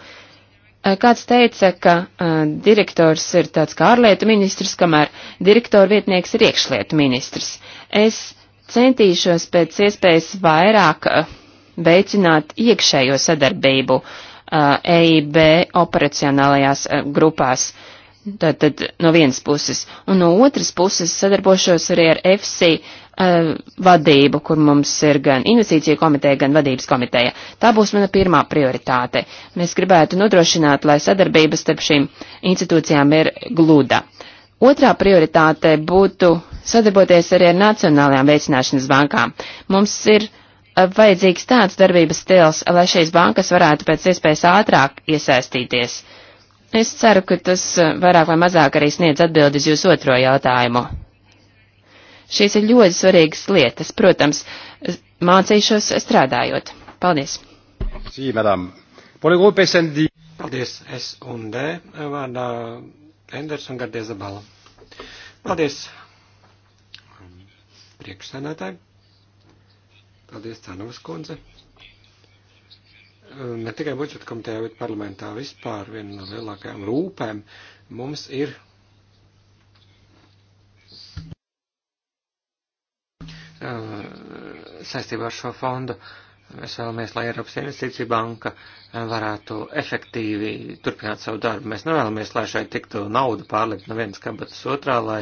Kāds teica, ka uh, direktors ir tāds kā ārlietu ministrs, kamēr direktora vietnieks ir iekšlietu ministrs. Es centīšos pēc iespējas vairāk veicināt iekšējo sadarbību uh, EIB operacionālajās uh, grupās. Uh, tātad no vienas puses, un no otras puses sadarbošos arī ar FC uh, eh, vadību, kur mums ir gan investīcija komiteja, gan vadības komiteja. Tā būs mana pirmā prioritāte. Mēs gribētu nodrošināt, lai sadarbības starp šīm institūcijām ir gluda. Otrā prioritāte būtu sadarboties arī ar nacionālajām veicināšanas bankām. Mums ir uh, vajadzīgs tāds darbības stils, lai šīs bankas varētu pēc iespējas ātrāk iesaistīties uh, Es ceru, ka tas eh, vairāk vai mazāk arī sniedz atbildi uz jūsu otro jautājumu. Šīs ir ļoti svarīgas lietas, protams, mācīšos strādājot. Paldies! Sī, madam. Poligrupa SND. Paldies S un D vārdā Enders un Gardieza Bala. Paldies priekšsēdētāji. Paldies Cenovas kundze ne tikai budžeta komitejā, bet parlamentā vispār viena no lielākajām rūpēm mums ir saistībā ar šo fondu Mēs vēlamies, lai Eiropas investīcija banka varētu efektīvi turpināt savu darbu. Mēs nevēlamies, lai šai tiktu nauda pārlikt no vienas kabatas otrā, lai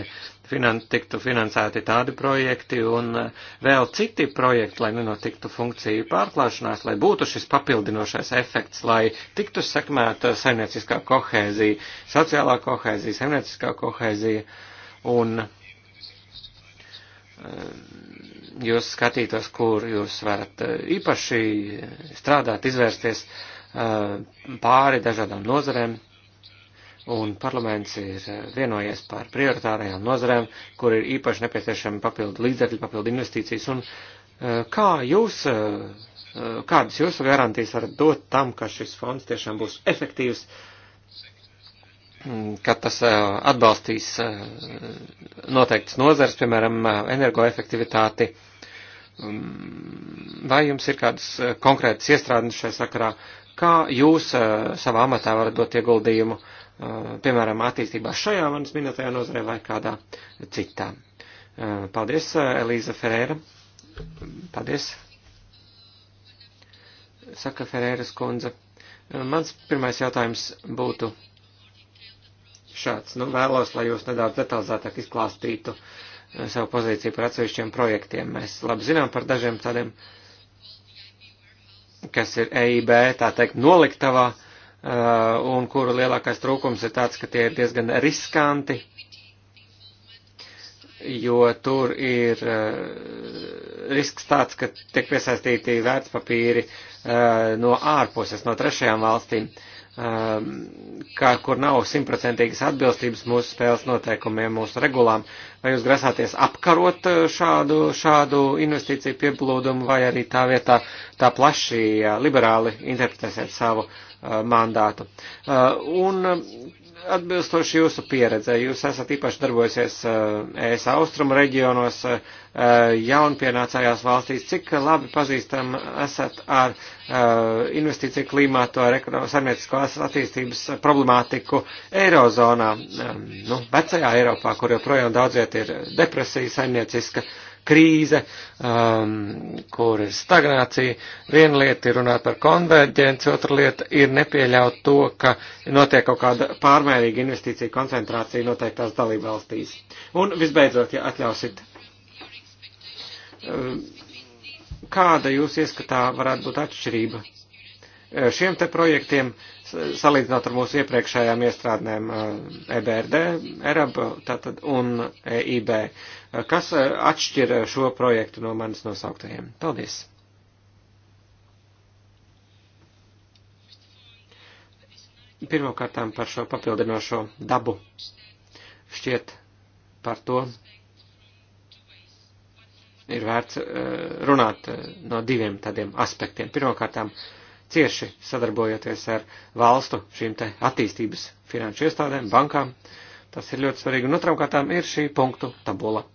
finan tiktu finansēti tādi projekti un vēl citi projekti, lai nenotiktu funkciju pārklāšanās, lai būtu šis papildinošais efekts, lai tiktu sekmēta saimnieciskā kohēzija, sociālā kohēzija, saimnieciskā kohēzija un Eh, jūs skatītos, kur jūs varat eh, īpaši strādāt, izvērsties eh, pāri dažādām nozarēm. Un parlaments ir vienojies par prioritārajām nozarēm, kur ir īpaši nepieciešami papildu līdzekļi, papildu investīcijas. Un kā jūs, kādas jūsu garantijas varat dot tam, ka šis fonds tiešām būs efektīvs? Uh, Mm, ka tas eh, atbalstīs eh, noteiktas nozars, piemēram, eh, energoefektivitāti. Mm, vai jums ir kādas konkrētas iestrādes šajā sakarā? Kā jūs savā amatā varat dot ieguldījumu, piemēram, attīstībā šajā manas minētajā nozarē vai kādā citā? Paldies, Elīza Ferēra. Paldies. Saka Ferēras kundze. Mans pirmais jautājums būtu šāds. Nu, vēlos, lai jūs nedaudz detalizētāk izklāstītu eh, savu pozīciju par atsevišķiem projektiem. Mēs labi zinām par dažiem tādiem, kas ir EIB, tā teikt, noliktavā, eh, un kuru lielākais trūkums ir tāds, ka tie ir diezgan riskanti, jo tur ir eh, risks tāds, ka tiek piesaistīti vērtspapīri no ārpuses, no trešajām valstīm. Uh, Um, kā, kur nav simtprocentīgas atbilstības mūsu spēles noteikumiem, mūsu regulām. Vai jūs grasāties apkarot uh, šādu, šādu investīciju pieplūdumu, vai arī tā vietā tā plaši liberāli interpretēsiet savu uh, mandātu? Uh, un Atbilstoši jūsu pieredzē, jūs esat īpaši darbojusies eh, ES austrumu reģionos, eh, jaunpienācējās valstīs, cik labi pazīstam esat ar eh, investīciju klimātu, ar saimnieciskās attīstības problemātiku Eirozonā, nu, vecajā Eiropā, kur joprojām daudziet ir depresija saimnieciska. Uh, krīze, um, kur ir stagnācija. Viena lieta ir runāt par konverģenci, otra lieta ir nepieļaut to, ka notiek kaut kāda pārmērīga investīcija koncentrācija noteiktās dalībvalstīs. Un visbeidzot, ja atļausit, um, kāda jūs ieskatā varētu būt atšķirība uh, šiem te projektiem, salīdzinot ar mūsu iepriekšējām iestrādnēm uh, EBRD, ERAB tātad, un EIB. Kas eh, atšķir eh, šo projektu no manis nosauktajiem? Paldies! Pirmkārtām par šo papildinošo dabu. Šķiet par to ir vērts eh, runāt no diviem tādiem aspektiem. Pirmkārtām, cieši sadarbojoties ar valstu šīm te attīstības finanšu iestādēm, bankām, tas ir ļoti svarīgi. Un otrām kārtām ir šī punktu tabula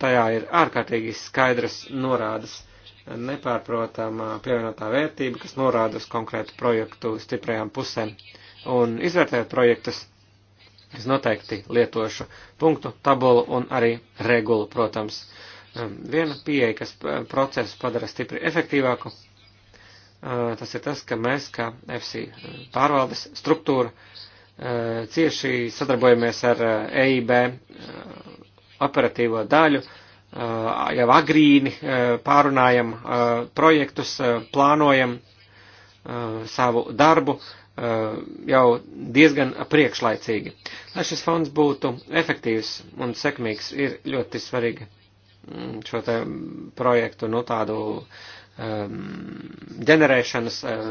Tajā ir ārkārtīgi skaidras norādes, nepārprotama pievienotā vērtība, kas norāda uz konkrētu projektu stiprajām pusēm. Un izvērtējot projektus, es noteikti lietošu punktu, tabulu un arī regulu, protams. Ehm, viena pieeja, kas eh, procesu padara stipri efektīvāku, eh, tas ir tas, ka mēs, kā FC eh, pārvaldes struktūra, cieši sadarbojamies ar EIB e operatīvo daļu, jau agrīni pārunājam projektus, plānojam savu darbu jau diezgan priekšlaicīgi. Lai šis fonds būtu efektīvs un sekmīgs, ir ļoti svarīgi mm, šo te projektu, nu tādu um, ģenerēšanas uh,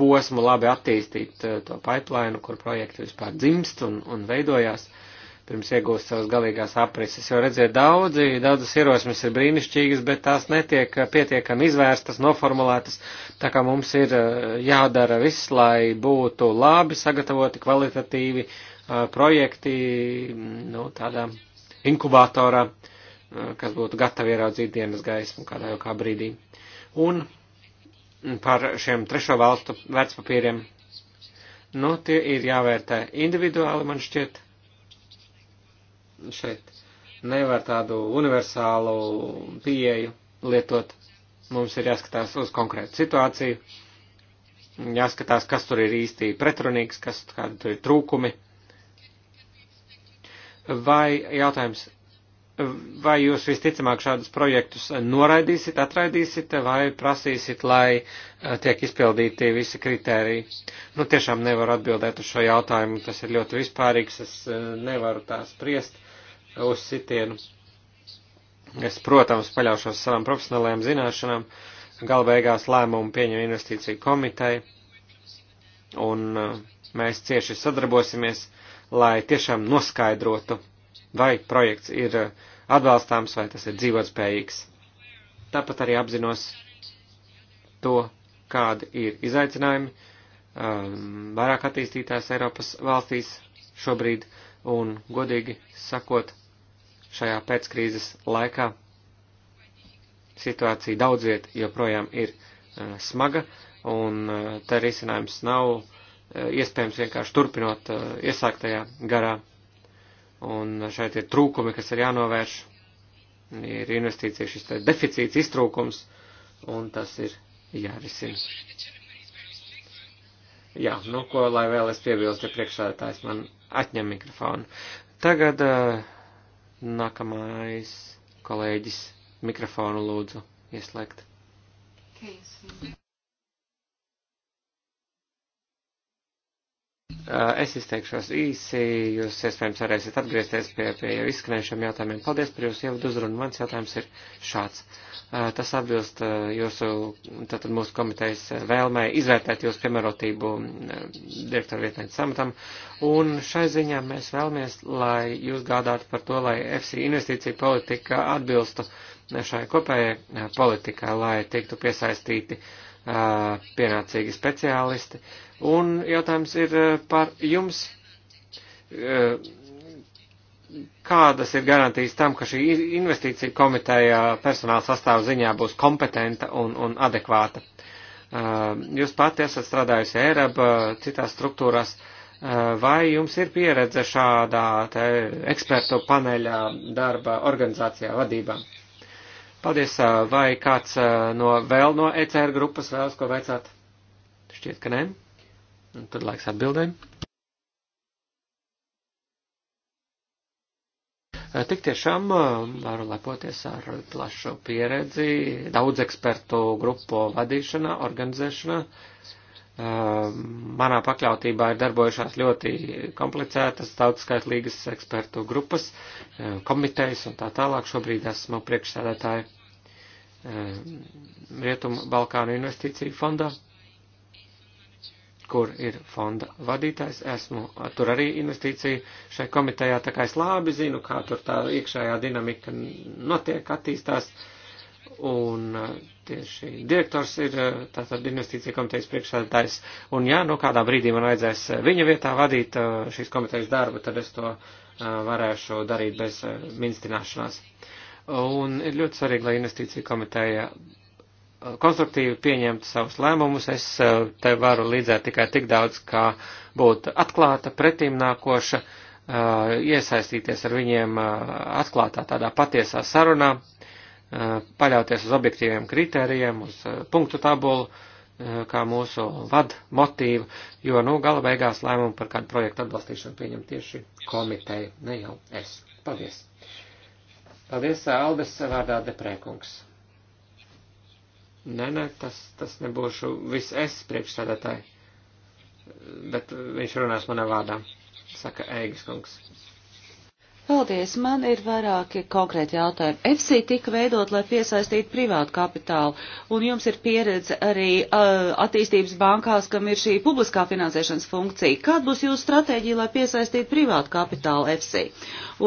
posmu labi attīstīt uh, to pipeline, kur projekti vispār dzimst un, un veidojās. Uh, pirms iegūst savas galīgās aprises. Jo redziet, daudzi, daudzas ierosmes ir brīnišķīgas, bet tās netiek eh, pietiekami izvērstas, noformulētas, tā kā mums ir eh, jādara viss, lai būtu labi sagatavoti kvalitatīvi eh, projekti, mm, nu, tādā inkubatorā, kas būtu gatavi ieraudzīt dienas gaismu kādā jau kā brīdī. Un par šiem trešo valstu vērtspapīriem, nu, tie ir jāvērtē individuāli, man šķiet šeit nevar tādu universālu pieeju lietot. Mums ir jāskatās uz konkrētu situāciju, jāskatās, kas tur ir īsti pretrunīgs, kas, kādi tur ir trūkumi. Vai jautājums vai jūs visticamāk šādus projektus noraidīsiet, atraidīsiet vai prasīsiet, lai eh, tiek izpildīti visi kriteriji? Nu, tiešām nevaru atbildēt uz šo jautājumu, tas ir ļoti vispārīgs, es eh, nevaru tā spriest uz sitienu. Es, protams, paļaušos savām profesionālajām zināšanām, galbeigās lēmumu pieņem investīciju komiteja, un eh, mēs cieši sadarbosimies, lai tiešām noskaidrotu vai projekts ir eh, atbalstāms, vai tas ir dzīvotspējīgs. Tāpat arī apzinos to, kādi ir izaicinājumi um, vairāk attīstītās Eiropas valstīs šobrīd, un godīgi sakot, šajā pēckrīzes laikā situācija daudz viet joprojām ir uh, smaga, un uh, te risinājums nav uh, iespējams vienkārši turpinot uh, iesāktajā garā un šeit ir trūkumi, kas ir jānovērš, ir investīcija šis deficīts, iztrūkums, un tas ir jārisina. Jā, nu ko, lai vēl es piebilstu, ja priekšsēdētājs man atņem mikrofonu. Tagad uh, nākamais kolēģis mikrofonu lūdzu ieslēgt. Eh, es izteikšos īsi, jūs iespējams varēsiet atgriezties pie, pie jau izskanējušiem jautājumiem. Paldies par jūsu ievadu uzrunu. Mans jautājums ir šāds. Eh, tas atbilst eh, jūsu, tātad mūsu komitejas vēlmē izvērtēt jūsu piemērotību direktoru vietnieku samatam. Un šai ziņā mēs vēlamies, lai jūs gādātu par to, lai FC investīcija politika atbilstu šai kopējai politikai, lai tiktu piesaistīti uh, pienācīgi speciālisti. Un jautājums ir par jums, kādas ir garantijas tam, ka šī investīcija komiteja personāla sastāvu ziņā būs kompetenta un, un adekvāta? Jūs pati esat strādājusi ERAB citās struktūrās. Vai jums ir pieredze šādā ekspertu paneļa darba organizācijā vadībā? Paldies, vai kāds no vēl no ECR grupas vēlas ko veicāt? Šķiet, ka nē. Un tad laiks atbildēm. Tik tiešām varu lepoties ar plašu pieredzi, daudz ekspertu grupu vadīšanā, organizēšanā. Uh, Uh, manā pakļautībā ir darbojušās ļoti komplicētas tautskaitlīgas ekspertu grupas, uh, komitejas un tā tālāk. Šobrīd esmu priekšsēdētāji uh, Rietumu Balkānu investīciju fondā, kur ir fonda vadītājs. Esmu tur arī investīciju šai komitejā, tā kā es labi zinu, kā tur tā iekšējā dinamika notiek, attīstās. Uh, Un uh, tieši direktors ir uh, tātad investīcija komitejas priekšsēdētājs. Un ja nu kādā brīdī man vajadzēs uh, viņa vietā vadīt šīs komitejas darbu, tad es to varēšu darīt bez minstināšanās. Un ir ļoti svarīgi, lai investīcija komiteja konstruktīvi pieņemtu savus lēmumus. Es te varu līdzēt tikai tik daudz, kā būt atklāta, pretimnākoša, iesaistīties ar viņiem atklātā tādā patiesā sarunā paļauties uz objektīviem kritērijiem, uz eh, punktu tabulu, eh, kā mūsu vad motīvu, jo, nu, gala beigās lēmumu par kādu projektu atbalstīšanu pieņem tieši komiteja, ne jau es. Paldies! Paldies, Aldes, vārdā deprēkungs. Nē, nē, tas, tas nebūšu viss es priekšsēdētāji, bet viņš runās manā vārdā, saka Eigas kungs. Paldies, man ir vairāki konkrēti jautājumi. FC tika veidot, lai piesaistītu privātu kapitālu, un jums ir pieredze arī uh, attīstības bankās, kam ir šī publiskā finansēšanas funkcija. Kāda būs jūsu stratēģija, lai piesaistītu privātu kapitālu FC?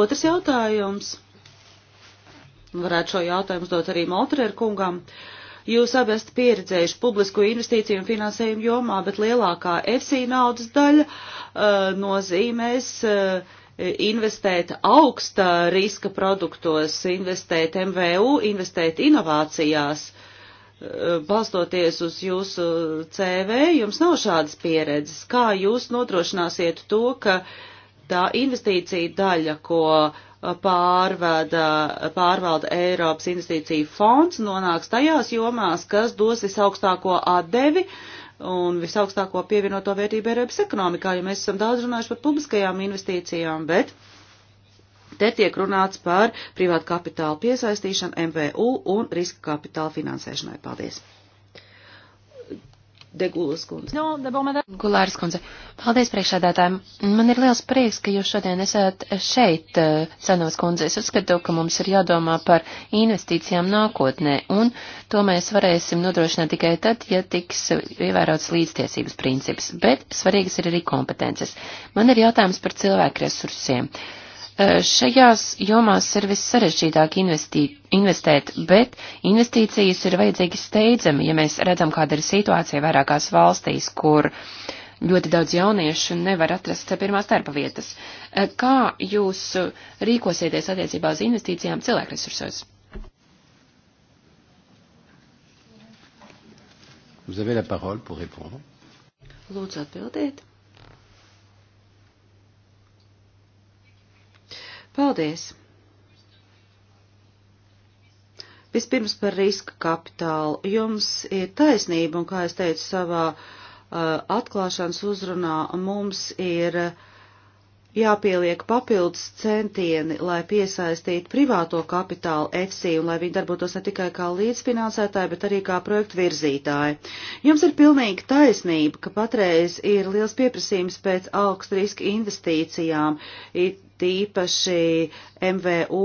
Otrs jautājums. Varētu šo jautājumu dot arī Moltrer kungam. Jūs abi esat pieredzējuši publisko investīciju un finansējumu jomā, bet lielākā FC naudas daļa uh, nozīmēs. Uh, investēt augsta riska produktos, investēt MVU, investēt inovācijās. Eh, balstoties uz jūsu CV, jums nav šādas pieredzes. Kā jūs nodrošināsiet to, ka tā investīcija daļa, ko eh, pārvada, pārvalda Eiropas investīcija fonds, nonāks tajās jomās, kas dos visaugstāko atdevi, uh, un visaugstāko pievienoto vērtību Eiropas ekonomikā, jo mēs esam daudz runājuši par publiskajām investīcijām, bet te tiek runāts par privātu kapitālu piesaistīšanu MVU un riska kapitāla finansēšanai. Paldies! Degulas kundze. Nu, Gulāras kundze, paldies priekšādātājiem. Man ir liels prieks, ka jūs šodien esat šeit, cenos eh, kundze. Es uzskatu, ka mums ir jādomā par investīcijām nākotnē, un to mēs varēsim nodrošināt tikai tad, ja tiks ievērots līdztiesības princips. Bet svarīgas ir arī kompetences. Man ir jautājums par cilvēku resursiem. Uh, Eh, šajās jomās ir vissarežģītāk investēt, bet investīcijas ir vajadzīgas steidzami, ja mēs redzam, kāda ir situācija vairākās valstīs, kur ļoti daudz jauniešu nevar atrast pirmās darba vietas. Eh, kā jūs rīkosieties attiecībā uz investīcijām cilvēkresursos? Lūdzu atbildēt. Paldies! Vispirms par riska kapitālu. Jums ir taisnība, un kā es teicu savā uh, atklāšanas uzrunā, mums ir jāpieliek papildus centieni, lai piesaistītu privāto kapitālu EFSI un lai viņi darbotos ne tikai kā līdzfinansētāji, bet arī kā projektu virzītāji. Jums ir pilnīgi taisnība, ka patreiz ir liels pieprasījums pēc augsta riska investīcijām, it tīpaši MVU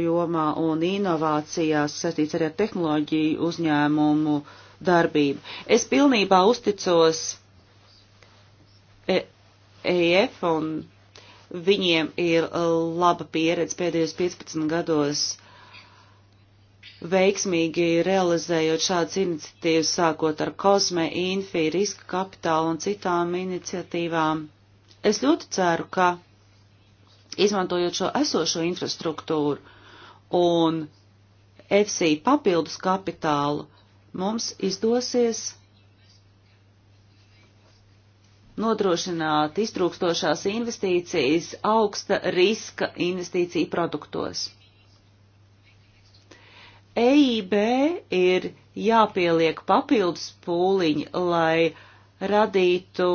jomā un inovācijās saistīts arī ar tehnoloģiju uzņēmumu darbību. Es pilnībā uzticos EIF e un viņiem ir laba pieredze pēdējos 15 gados veiksmīgi realizējot šādas iniciatīvas, sākot ar kosmē, infī, riska kapitālu un citām iniciatīvām. Es ļoti ceru, ka izmantojot šo esošo infrastruktūru un FC papildus kapitālu, mums izdosies nodrošināt iztrūkstošās investīcijas augsta riska investīciju produktos. EIB ir jāpieliek papildus pūliņi, lai radītu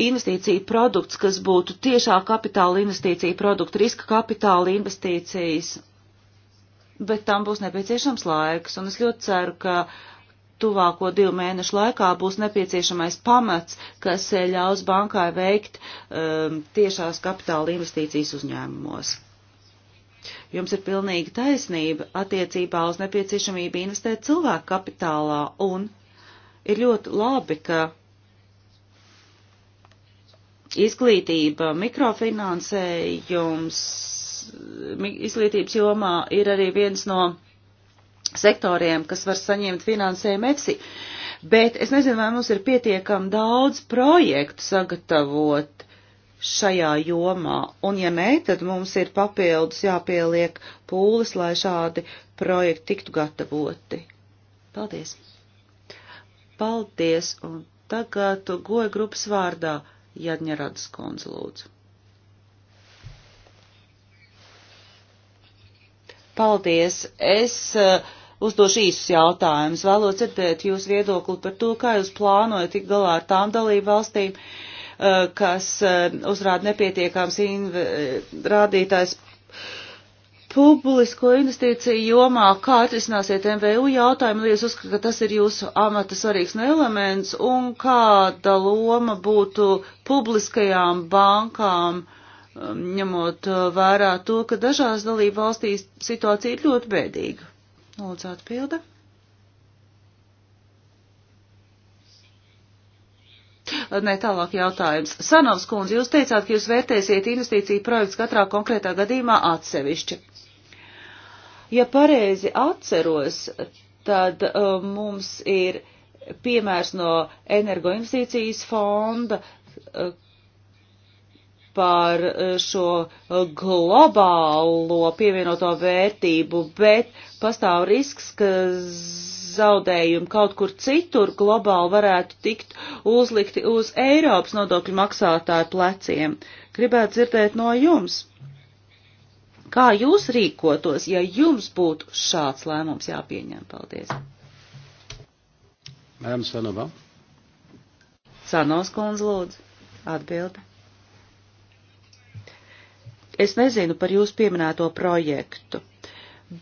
investīcija produkts, kas būtu tiešā kapitāla investīcija produkta, riska kapitāla investīcijas, bet tam būs nepieciešams laiks, un es ļoti ceru, ka tuvāko divu mēnešu laikā būs nepieciešamais pamats, kas eh, ļaus bankai veikt um, tiešās kapitāla investīcijas uzņēmumos. Jums ir pilnīga taisnība attiecībā uz nepieciešamību investēt cilvēku kapitālā, un ir ļoti labi, ka izglītība, mikrofinansējums, izglītības jomā ir arī viens no sektoriem, kas var saņemt finansējumu EFSI. Bet es nezinu, vai mums ir pietiekami daudz projektu sagatavot šajā jomā, un ja nē, tad mums ir papildus jāpieliek pūles, lai šādi projekti tiktu gatavoti. Paldies! Paldies, un tagad goja grupas vārdā Jadņeradas kundze lūdzu. Paldies! Es uh, uzdošu īsus jautājumus. Vēlos dzirdēt jūsu viedokli par to, kā jūs plānojat tik galā ar tām dalību valstīm, uh, kas uh, uzrāda nepietiekams rādītājs publisko investīciju jomā, kā atrisināsiet MVU jautājumu, ja jūs uzskatāt, ka tas ir jūsu amata svarīgs elements, un kāda loma būtu publiskajām bankām, um, ņemot uh, vērā to, ka dažās dalību valstīs situācija ir ļoti bēdīga. Lūdzu, atbilda. Uh, Nē, tālāk jautājums. Sanovs kundze, jūs teicāt, ka jūs vērtēsiet investīciju projekts katrā konkrētā gadījumā atsevišķi. Ja pareizi atceros, tad uh, mums ir piemērs no energoinvestīcijas fonda uh, par uh, šo globālo pievienoto vērtību, bet pastāv risks, ka zaudējumi kaut kur citur globāli varētu tikt uzlikti uz Eiropas nodokļu maksātāju pleciem. Gribētu dzirdēt no jums. Kā jūs rīkotos, ja jums būtu šāds lēmums jāpieņem? Paldies. Mēm Sanovā. Sanovs kundze lūdzu. Atbildi. Es nezinu par jūsu pieminēto projektu,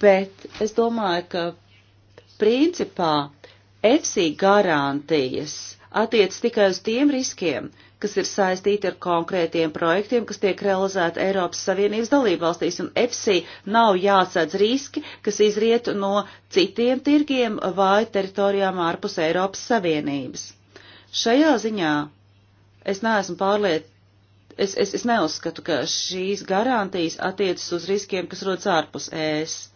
bet es domāju, ka principā EFSI garantijas attiec tikai uz tiem riskiem, kas ir saistīti ar konkrētiem projektiem, kas tiek realizēti Eiropas Savienības dalībvalstīs, un EFSI nav jāsadz riski, kas izriet no citiem tirgiem vai teritorijām ārpus Eiropas Savienības. Šajā ziņā es neesmu pārliet, es, es, es neuzskatu, ka šīs garantijas attiecas uz riskiem, kas rodas ārpus ēst e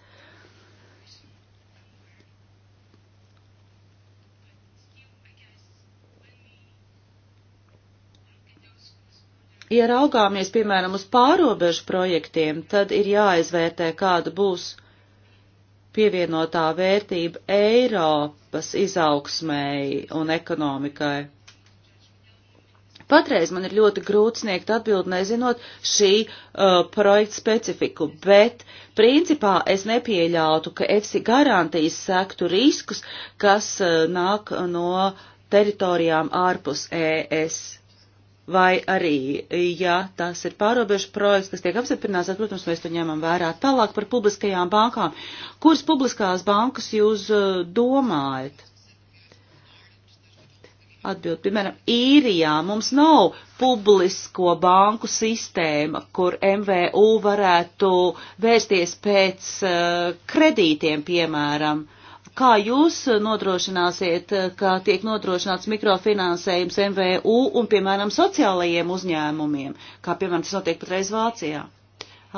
ja raugāmies, piemēram, uz pārobežu projektiem, tad ir jāizvērtē, kāda būs pievienotā vērtība Eiropas izaugsmēji un ekonomikai. Patreiz man ir ļoti grūti sniegt atbildi, nezinot šī uh, projekta specifiku, bet principā es nepieļautu, ka EFSI garantijas sektu riskus, kas uh, nāk no teritorijām ārpus ES vai arī, ja tas ir pārobežu projekts, kas tiek apstiprināts, tad, protams, mēs to ņemam vērā. Tālāk par publiskajām bankām. Kuras publiskās bankas jūs uh, domājat? Atbild, piemēram, īrijā mums nav publisko banku sistēma, kur MVU varētu vērsties pēc uh, kredītiem, piemēram. Uh, Kā jūs nodrošināsiet, ka tiek nodrošināts mikrofinansējums MVU un, piemēram, sociālajiem uzņēmumiem, kā, piemēram, tas notiek patreiz Vācijā?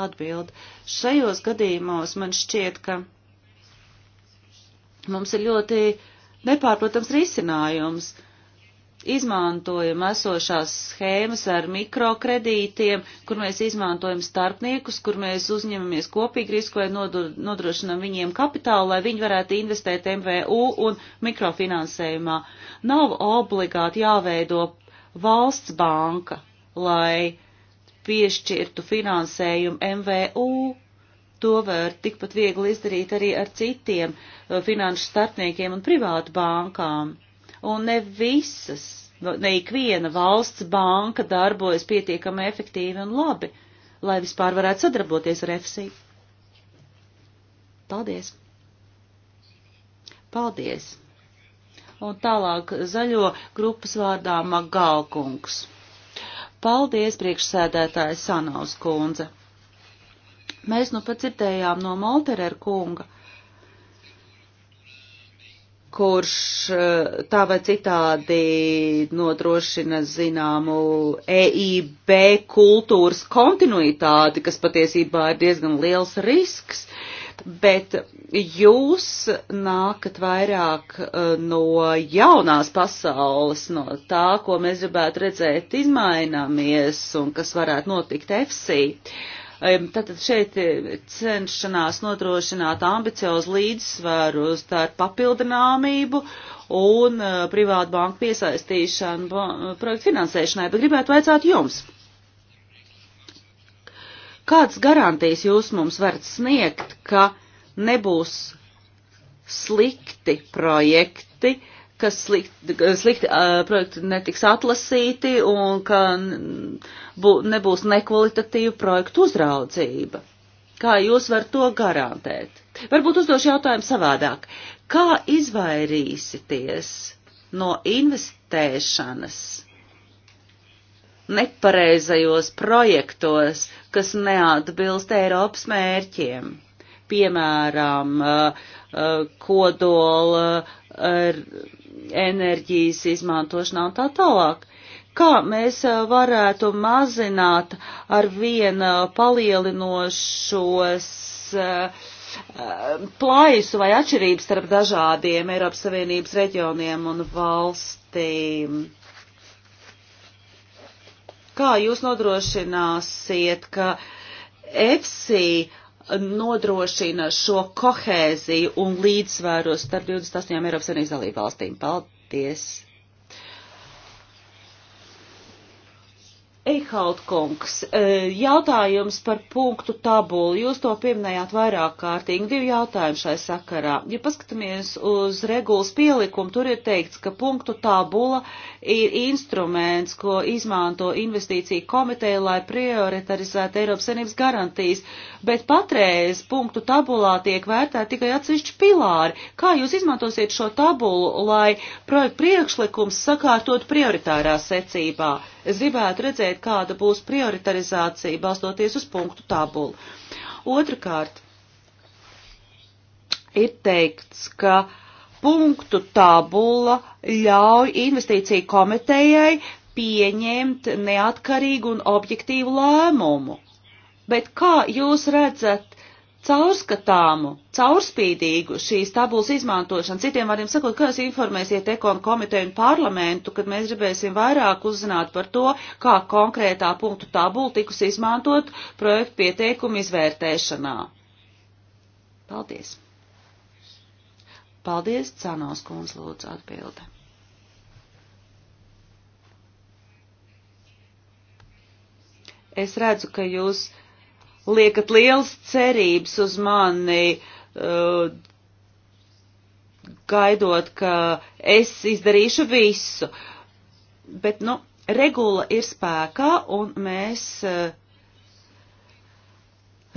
Atbild. Šajos gadījumos man šķiet, ka mums ir ļoti nepārprotams risinājums. Uh, izmantojam esošās schēmas ar mikrokredītiem, kur mēs izmantojam starpniekus, kur mēs uzņemamies kopīgi risku vai nodrošinam viņiem kapitālu, lai viņi varētu investēt MVU un mikrofinansējumā. Nav obligāti jāveido valsts banka, lai piešķirtu finansējumu MVU. To var tikpat viegli izdarīt arī ar citiem uh, finanšu starpniekiem un privātu bankām un ne visas, nu, ne ikviena valsts banka darbojas pietiekami efektīvi un labi, lai vispār varētu sadarboties ar EFSI. Paldies! Paldies! Un tālāk zaļo grupas vārdā Magalkungs. Paldies, priekšsēdētājs Sanaus kundze. Mēs nu pat dzirdējām no Molterer kunga, kurš eh, tā vai citādi nodrošina zināmu EIB kultūras kontinuitāti, kas patiesībā ir diezgan liels risks, bet jūs nākat vairāk eh, no jaunās pasaules, no tā, ko mēs gribētu redzēt izmaināmies un kas varētu notikt EFSI. Uh, Tātad šeit cenšanās nodrošināt ambiciozu līdzsvaru starp papildināmību un eh, privātu banku piesaistīšanu eh, projektu finansēšanai, bet gribētu vaicāt jums. Kādas garantijas jūs mums varat sniegt, ka nebūs slikti projekti, uh, ka slikti, slikti uh, projekti netiks atlasīti un ka bū, nebūs nekvalitatīva projektu uzraudzība. Kā jūs varat to garantēt? Varbūt uzdošu jautājumu savādāk. Kā izvairīsities no investēšanas nepareizajos projektos, kas neatbilst Eiropas mērķiem? Piemēram, uh, uh, kodola. Uh, enerģijas izmantošanā un tā tālāk. Kā mēs eh, varētu mazināt ar vien eh, palielinošos eh, plaisu vai atšķirības starp dažādiem Eiropas Savienības reģioniem un valstīm? Kā jūs nodrošināsiet, ka EFSI nodrošina šo kohēziju un līdzsvēru starp 28 Eiropas Savienības dalību valstīm. Paldies! Eihaut kungs, e, jautājums par punktu tabulu. Jūs to pieminējāt vairāk kārtīgi. Divi jautājumi šai sakarā. Ja paskatāmies uz regulas pielikumu, tur ir teikts, ka punktu tabula ir instruments, ko izmanto investīcija komiteja, lai prioritarizētu Eiropas Savienības garantijas, bet patreiz punktu tabulā tiek vērtēti tikai atsevišķi pilāri. Kā jūs izmantosiet šo tabulu, lai projektu priekšlikums sakārtot prioritārā secībā? Es gribētu redzēt, kāda būs prioritarizācija, balstoties uz punktu tabulu. Otrakārt, ir teikts, ka punktu tabula ļauj investīciju komitejai pieņemt neatkarīgu un objektīvu lēmumu. Bet kā jūs redzat caurskatāmu, caurspīdīgu šīs tabulas izmantošanu. Citiem vārdiem sakot, kā jūs informēsiet ekonu komiteju un parlamentu, kad mēs gribēsim vairāk uzzināt par to, kā konkrētā punktu tabula tikus izmantot projektu pieteikumu izvērtēšanā. Paldies. Paldies, Cānos kundz lūdzu atbildi. Es redzu, ka jūs liekat liels cerības uz mani, uh, gaidot, ka es izdarīšu visu. Bet, nu, regula ir spēkā un mēs uh,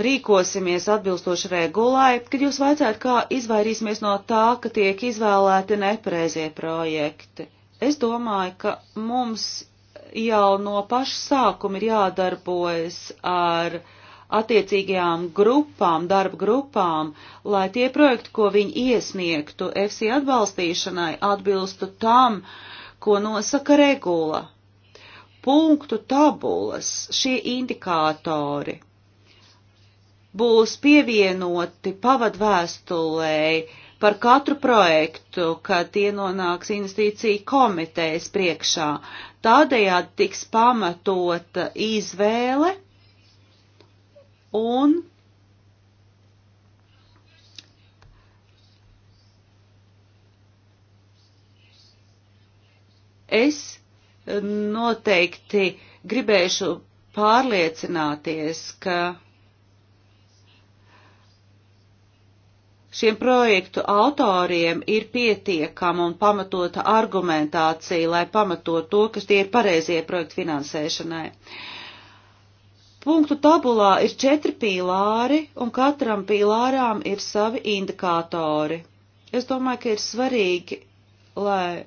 rīkosimies atbilstoši regulai, kad jūs vaicājat, kā izvairīsimies no tā, ka tiek izvēlēti nepareizie projekti. Es domāju, ka mums jau no paša sākuma ir jādarbojas ar uh, attiecīgajām grupām, darba grupām, lai tie projekti, ko viņi iesniegtu EFSI atbalstīšanai, atbilstu tam, ko nosaka regula. Punktu tabulas, šie indikātori būs pievienoti pavadvēstulēji par katru projektu, kad tie nonāks investīciju komitejas priekšā. Tādējādi tiks pamatota izvēle un es noteikti gribēšu pārliecināties, ka šiem projektu autoriem ir pietiekama un pamatota argumentācija, lai pamatot to, kas tie ir pareizie projektu finansēšanai. Uh, Punktu tabulā ir četri pīlāri, un katram pīlārām ir savi indikātori. Es domāju, ka ir svarīgi, lai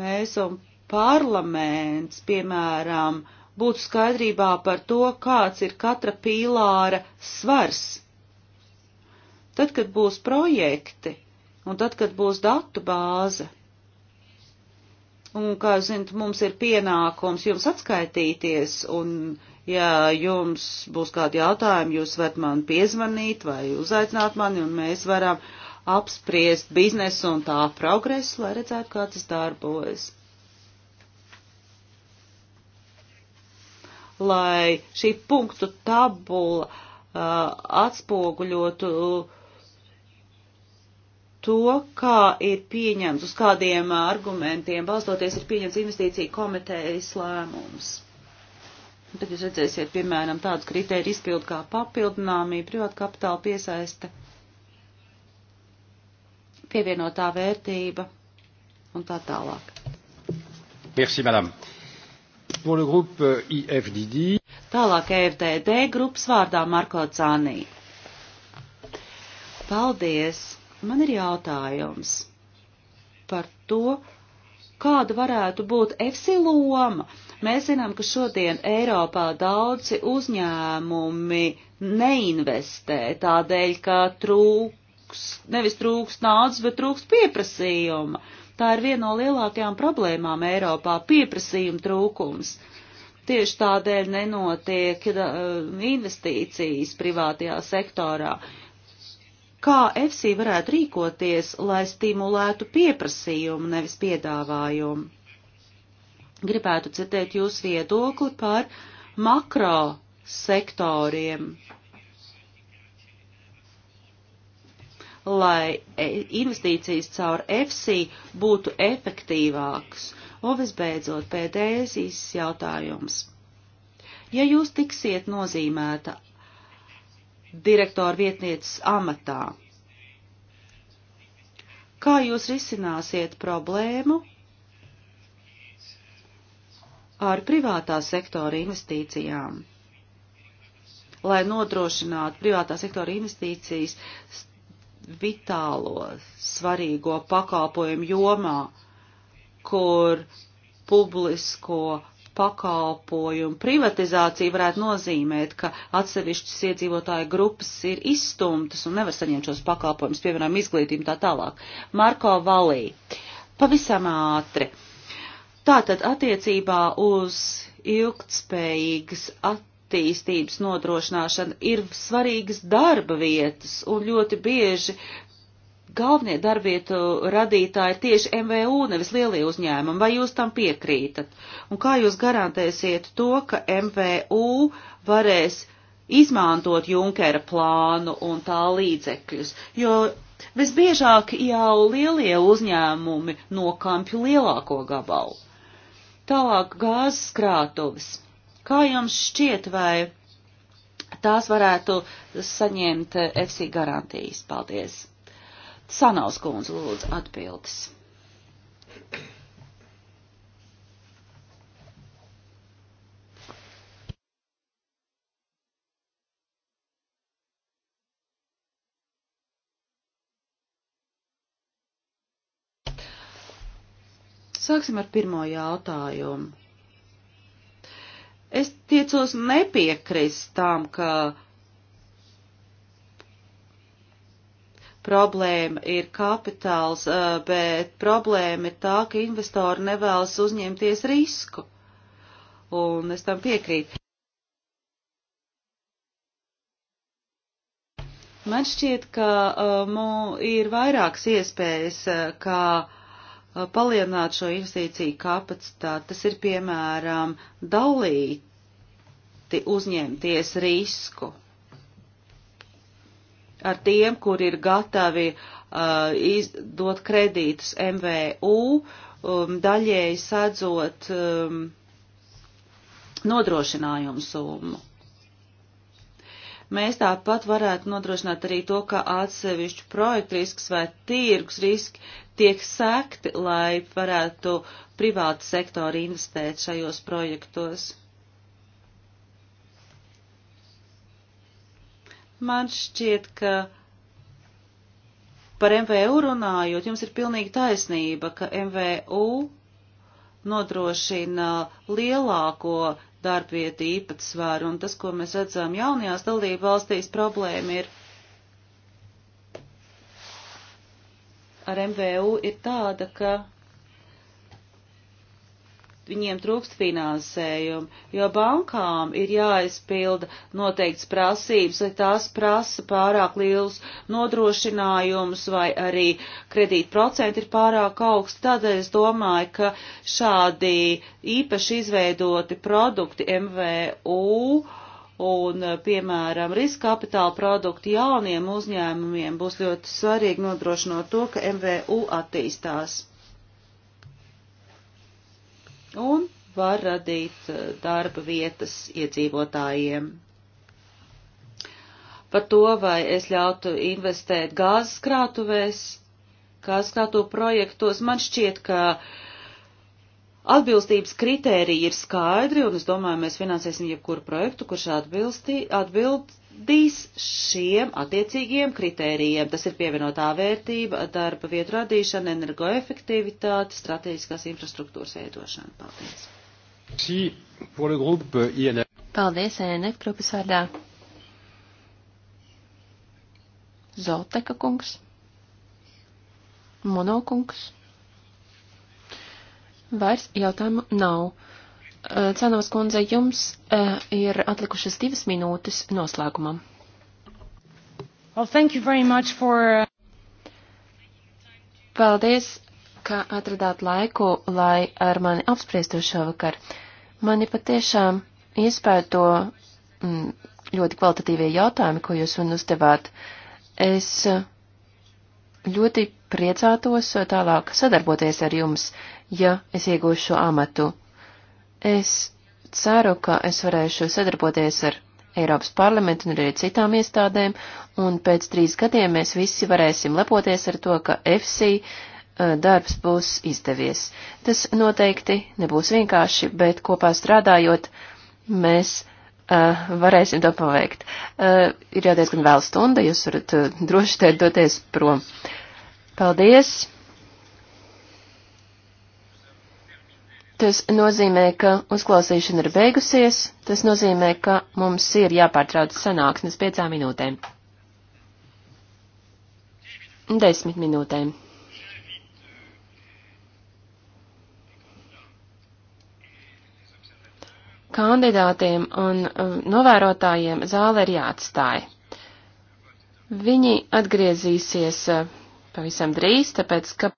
mēs un parlaments, piemēram, būtu skaidrībā par to, kāds ir katra pīlāra svars. Tad, kad būs projekti un tad, kad būs datu bāze, un, kā jūs zinat, mums ir pienākums jums atskaitīties un Ja jums būs kādi jautājumi, jūs varat man piezvanīt vai uzaicināt mani, un mēs varam apspriest biznesu un tā progresu, lai redzētu, kā tas darbojas. Lai šī punktu tabula uh, atspoguļotu to, kā ir pieņemts, uz kādiem argumentiem balstoties ir pieņemts investīcija komitejas lēmums. Tad jūs redzēsiet, piemēram, tādus kritēriju izpildu kā papildināmība, privāta kapitāla piesaiste, pievienotā vērtība un tā tālāk. Merci, madame. Pour le groupe euh, IFDD. Tālāk EFDD grupas vārdā Marko Cānī. Paldies! Man ir jautājums par to, kāda varētu būt EFSI loma Mēs zinām, ka šodien Eiropā daudzi uzņēmumi neinvestē tādēļ, ka trūks, nevis trūks naudas, bet trūks pieprasījuma. Tā ir viena no lielākajām problēmām Eiropā - pieprasījuma trūkums. Tieši tādēļ nenotiek uh, investīcijas privātajā sektorā. Kā EFSI varētu rīkoties, lai stimulētu pieprasījumu, nevis piedāvājumu? gribētu citēt jūsu viedokli par makro sektoriem, lai e, investīcijas caur EFSI būtu efektīvākas. Un visbeidzot, pēdējais īsts jautājums. Ja jūs tiksiet nozīmēta direktora vietnieces amatā, kā jūs risināsiet problēmu, ar privātā sektora investīcijām, lai nodrošinātu privātā sektora investīcijas vitālo svarīgo pakalpojumu jomā, kur publisko pakalpojumu privatizācija varētu nozīmēt, ka atsevišķas iedzīvotāju grupas ir izstumtas un nevar saņemt šos pakalpojumus, piemēram, izglītību tā tālāk. Marko Valī. Pavisam ātri. Uh, Tātad attiecībā uz ilgtspējīgas attīstības attīstības nodrošināšana ir svarīgas darba vietas, un ļoti bieži galvenie darbvietu radītāji ir tieši MVU, nevis lielie uzņēmumi. Vai jūs tam piekrītat? Un kā jūs garantēsiet to, ka MVU varēs izmantot Junkera plānu un tā līdzekļus? Jo visbiežāk jau lielie uzņēmumi nokampju lielāko gabalu. Tālāk gāzes krātuves. Kā jums šķiet, vai tās varētu saņemt eh, FC garantijas? Paldies! Sanaus kundze lūdzu atbildes. Thank you. Sāksim ar pirmo jautājumu. Es tiecos nepiekrist tam, ka problēma ir kapitāls, eh, bet problēma ir tā, ka investori nevēlas uzņemties risku. Un es tam piekrītu. Man šķiet, ka uh, um, ir vairākas iespējas, uh, kā Uh, palielināt šo investīciju kapacitāti. Tas ir piemēram dalīti uzņemties risku ar tiem, kur ir gatavi uh, izdot kredītus MVU, um, daļēji sadzot um, nodrošinājumu summu. Mēs tāpat varētu nodrošināt arī to, ka atsevišķu projektu risks vai tirgus riski tiek sekti, lai varētu privāta sektora investēt šajos projektos. Man šķiet, ka par MVU runājot, jums ir pilnīgi taisnība, ka MVU nodrošina lielāko darbvietu īpatsvaru, un tas, ko mēs redzam jaunajās dalību valstīs, problēma ir ar MVU ir tāda, ka viņiem trūkst finansējumu, jo bankām ir jāizpilda noteikts prasības, vai tās prasa pārāk liels nodrošinājums, vai arī kredītprocenti ir pārāk augsti. Tādēļ es domāju, ka šādi īpaši izveidoti produkti MVU un, piemēram, riska kapitāla produkti jauniem uzņēmumiem būs ļoti svarīgi nodrošinot to, ka MVU attīstās un var radīt eh, darba vietas iedzīvotājiem. Par to, vai es ļautu investēt gāzes krātuvēs, gāzes krātu projektos, man šķiet, ka uh, Atbilstības kritēriji ir skaidri, un es domāju, mēs finansēsim jebkuru projektu, kurš atbilstī, atbildīs šiem attiecīgiem kritērijiem. Tas ir pievienotā vērtība, darba vietu radīšana, energoefektivitāte, strateģiskās infrastruktūras veidošana. Paldies! Si, Paldies, Ēnek, e grupas vārdā. Zolteka kungs. Monokungs. Vairs jautājumu nav. Eh, Cenovas kundze, jums eh, ir atlikušas divas minūtes noslēgumam. Well, thank you very much for... Uh, Paldies, ka atradāt laiku, lai ar mani apspriestu šovakar. Mani patiešām iespēja to mm, ļoti kvalitatīvie jautājumi, ko jūs man uzdevāt. Es eh, ļoti priecātos tālāk sadarboties ar jums, ja es iegūšu šo amatu. Es ceru, ka es varēšu sadarboties ar Eiropas parlamentu un arī citām iestādēm, un pēc trīs gadiem mēs visi varēsim lepoties ar to, ka FC eh, darbs būs izdevies. Tas noteikti nebūs vienkārši, bet kopā strādājot, mēs uh, varēsim to paveikt. Uh, ir jau diezgan vēl stunda, jūs varat uh, droši te doties prom. Paldies! Tas nozīmē, ka uzklausīšana ir beigusies, tas nozīmē, ka mums ir jāpārtrauc sanāksmes piecām minūtēm. Desmit minūtēm. Kandidātiem un uh, novērotājiem zāle ir jāatstāj. Viņi atgriezīsies uh, pavisam drīz, tāpēc, ka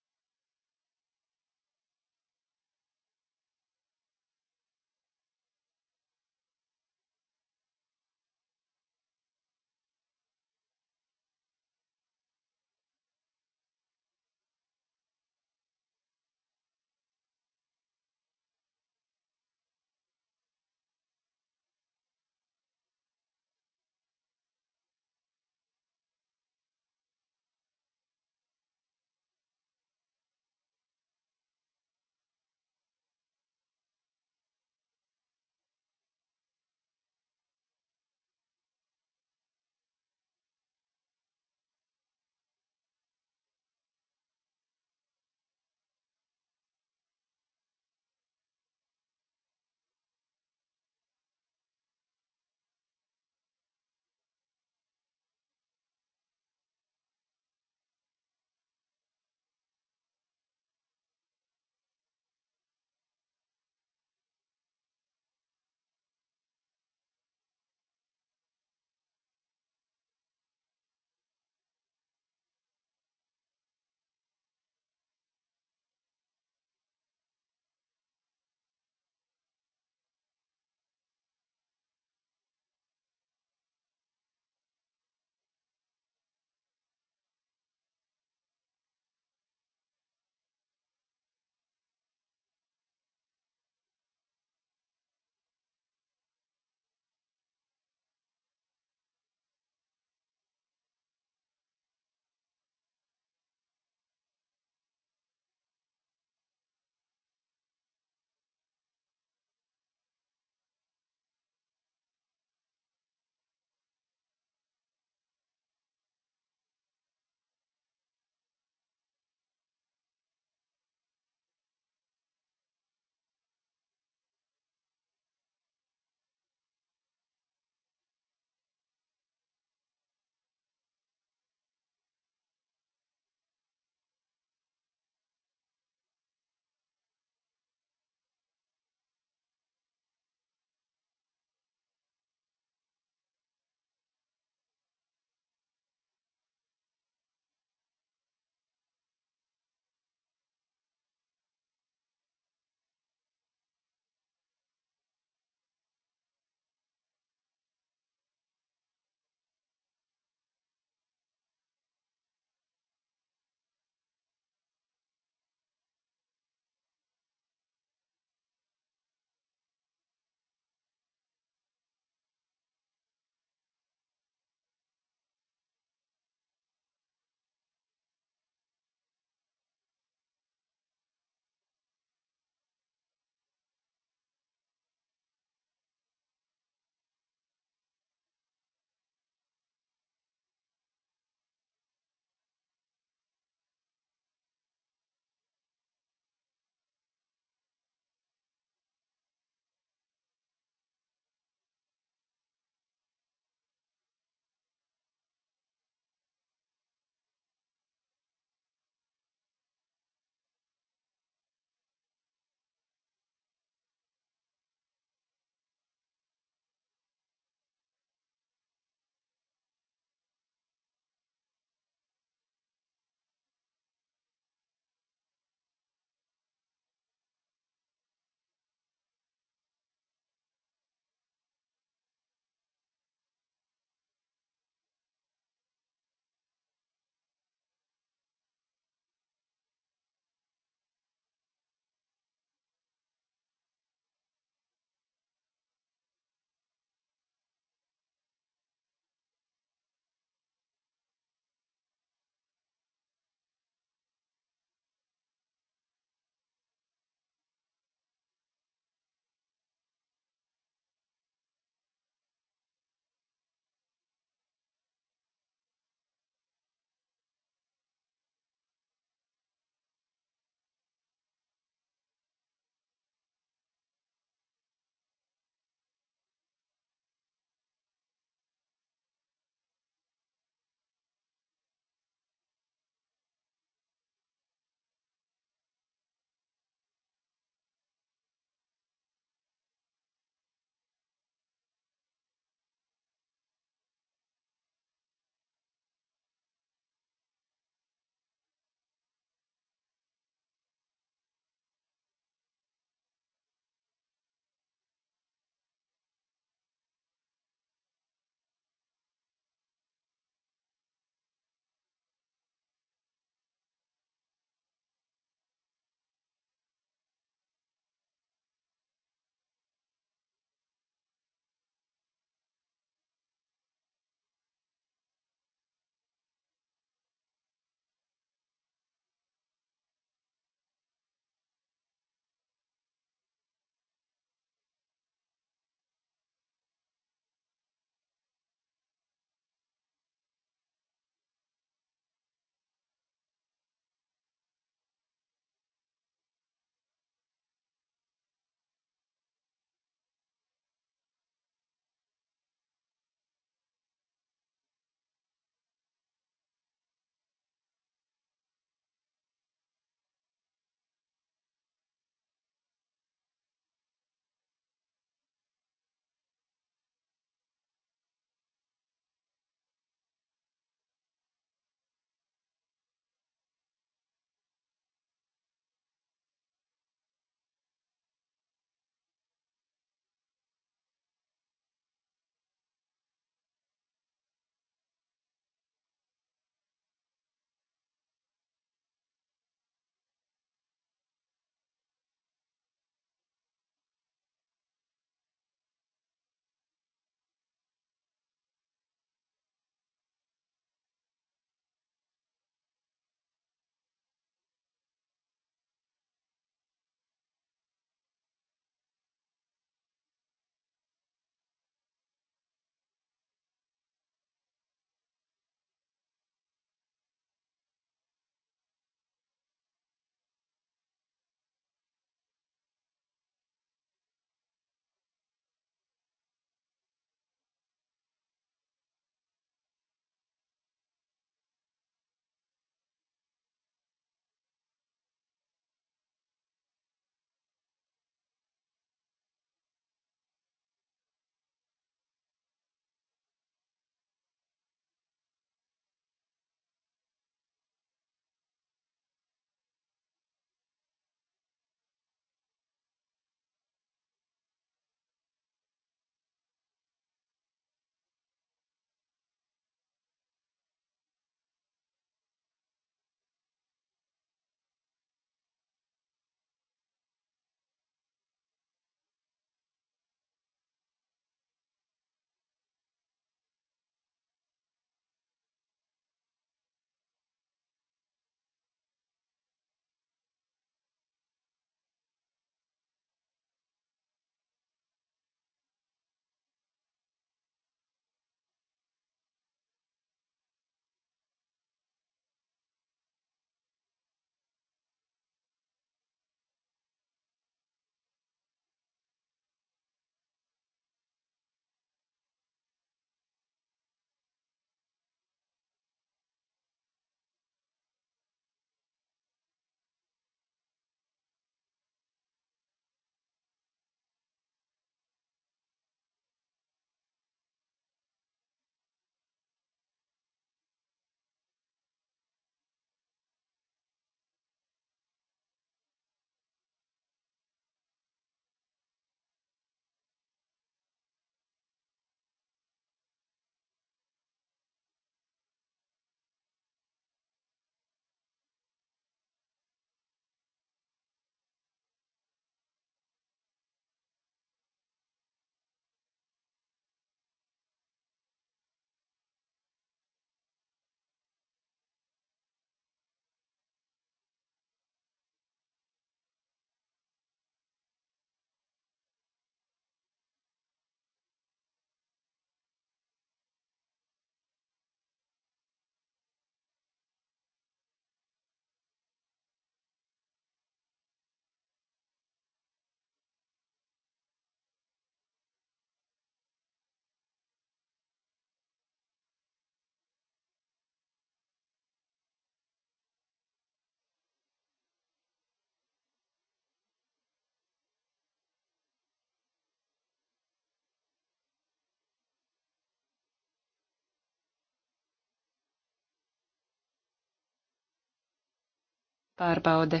pārbaude.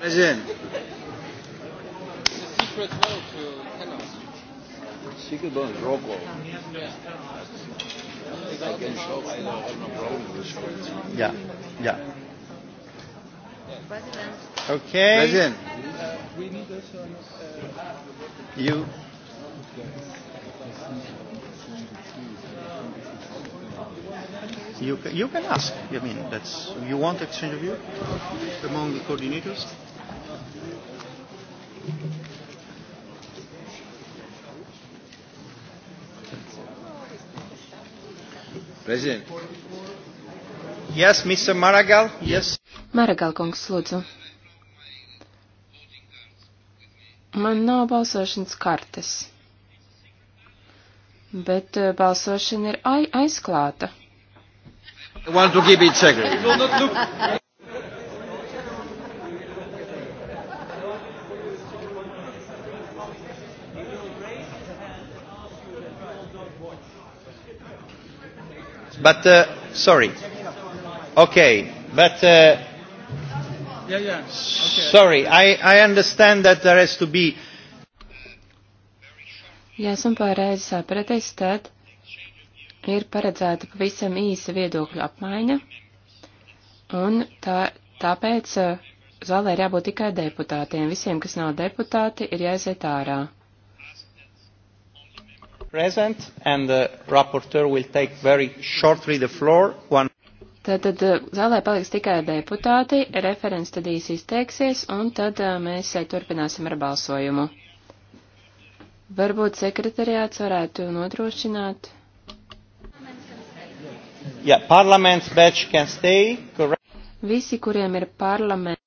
President. Secret vote, roll call. I can show I don't have no problem with showing. Yeah, yeah. President. Okay. President. We need also. You. You, you can ask. I mean, that's you want exchange of view among the coordinators. President. Yes, Mr. Maragall. Yes. Maragall kungs, lūdzu. Man nav balsošanas kartes bet eh, balsošana ir aizklāta. Want to give it second. It will not look. but uh, sorry. Okay, but uh, yeah, yeah. Okay. sorry, I, I understand that there has to be Ja esam pareizi sapratis, tad ir paredzēta pavisam īsa viedokļu apmaiņa, un tā, tāpēc eh, zālē ir jābūt tikai deputātiem. Visiem, kas nav deputāti, ir jāiziet ārā. Present and the rapporteur will take very shortly the floor. One Tātad eh, zālē paliks tikai deputāti, referents tad īsi izteiksies, un tad eh, mēs turpināsim ar balsojumu. Varbūt sekretariāts varētu nodrošināt. Yeah, parliament's badge can stay, correct? Visi, kuriem ir parlaments.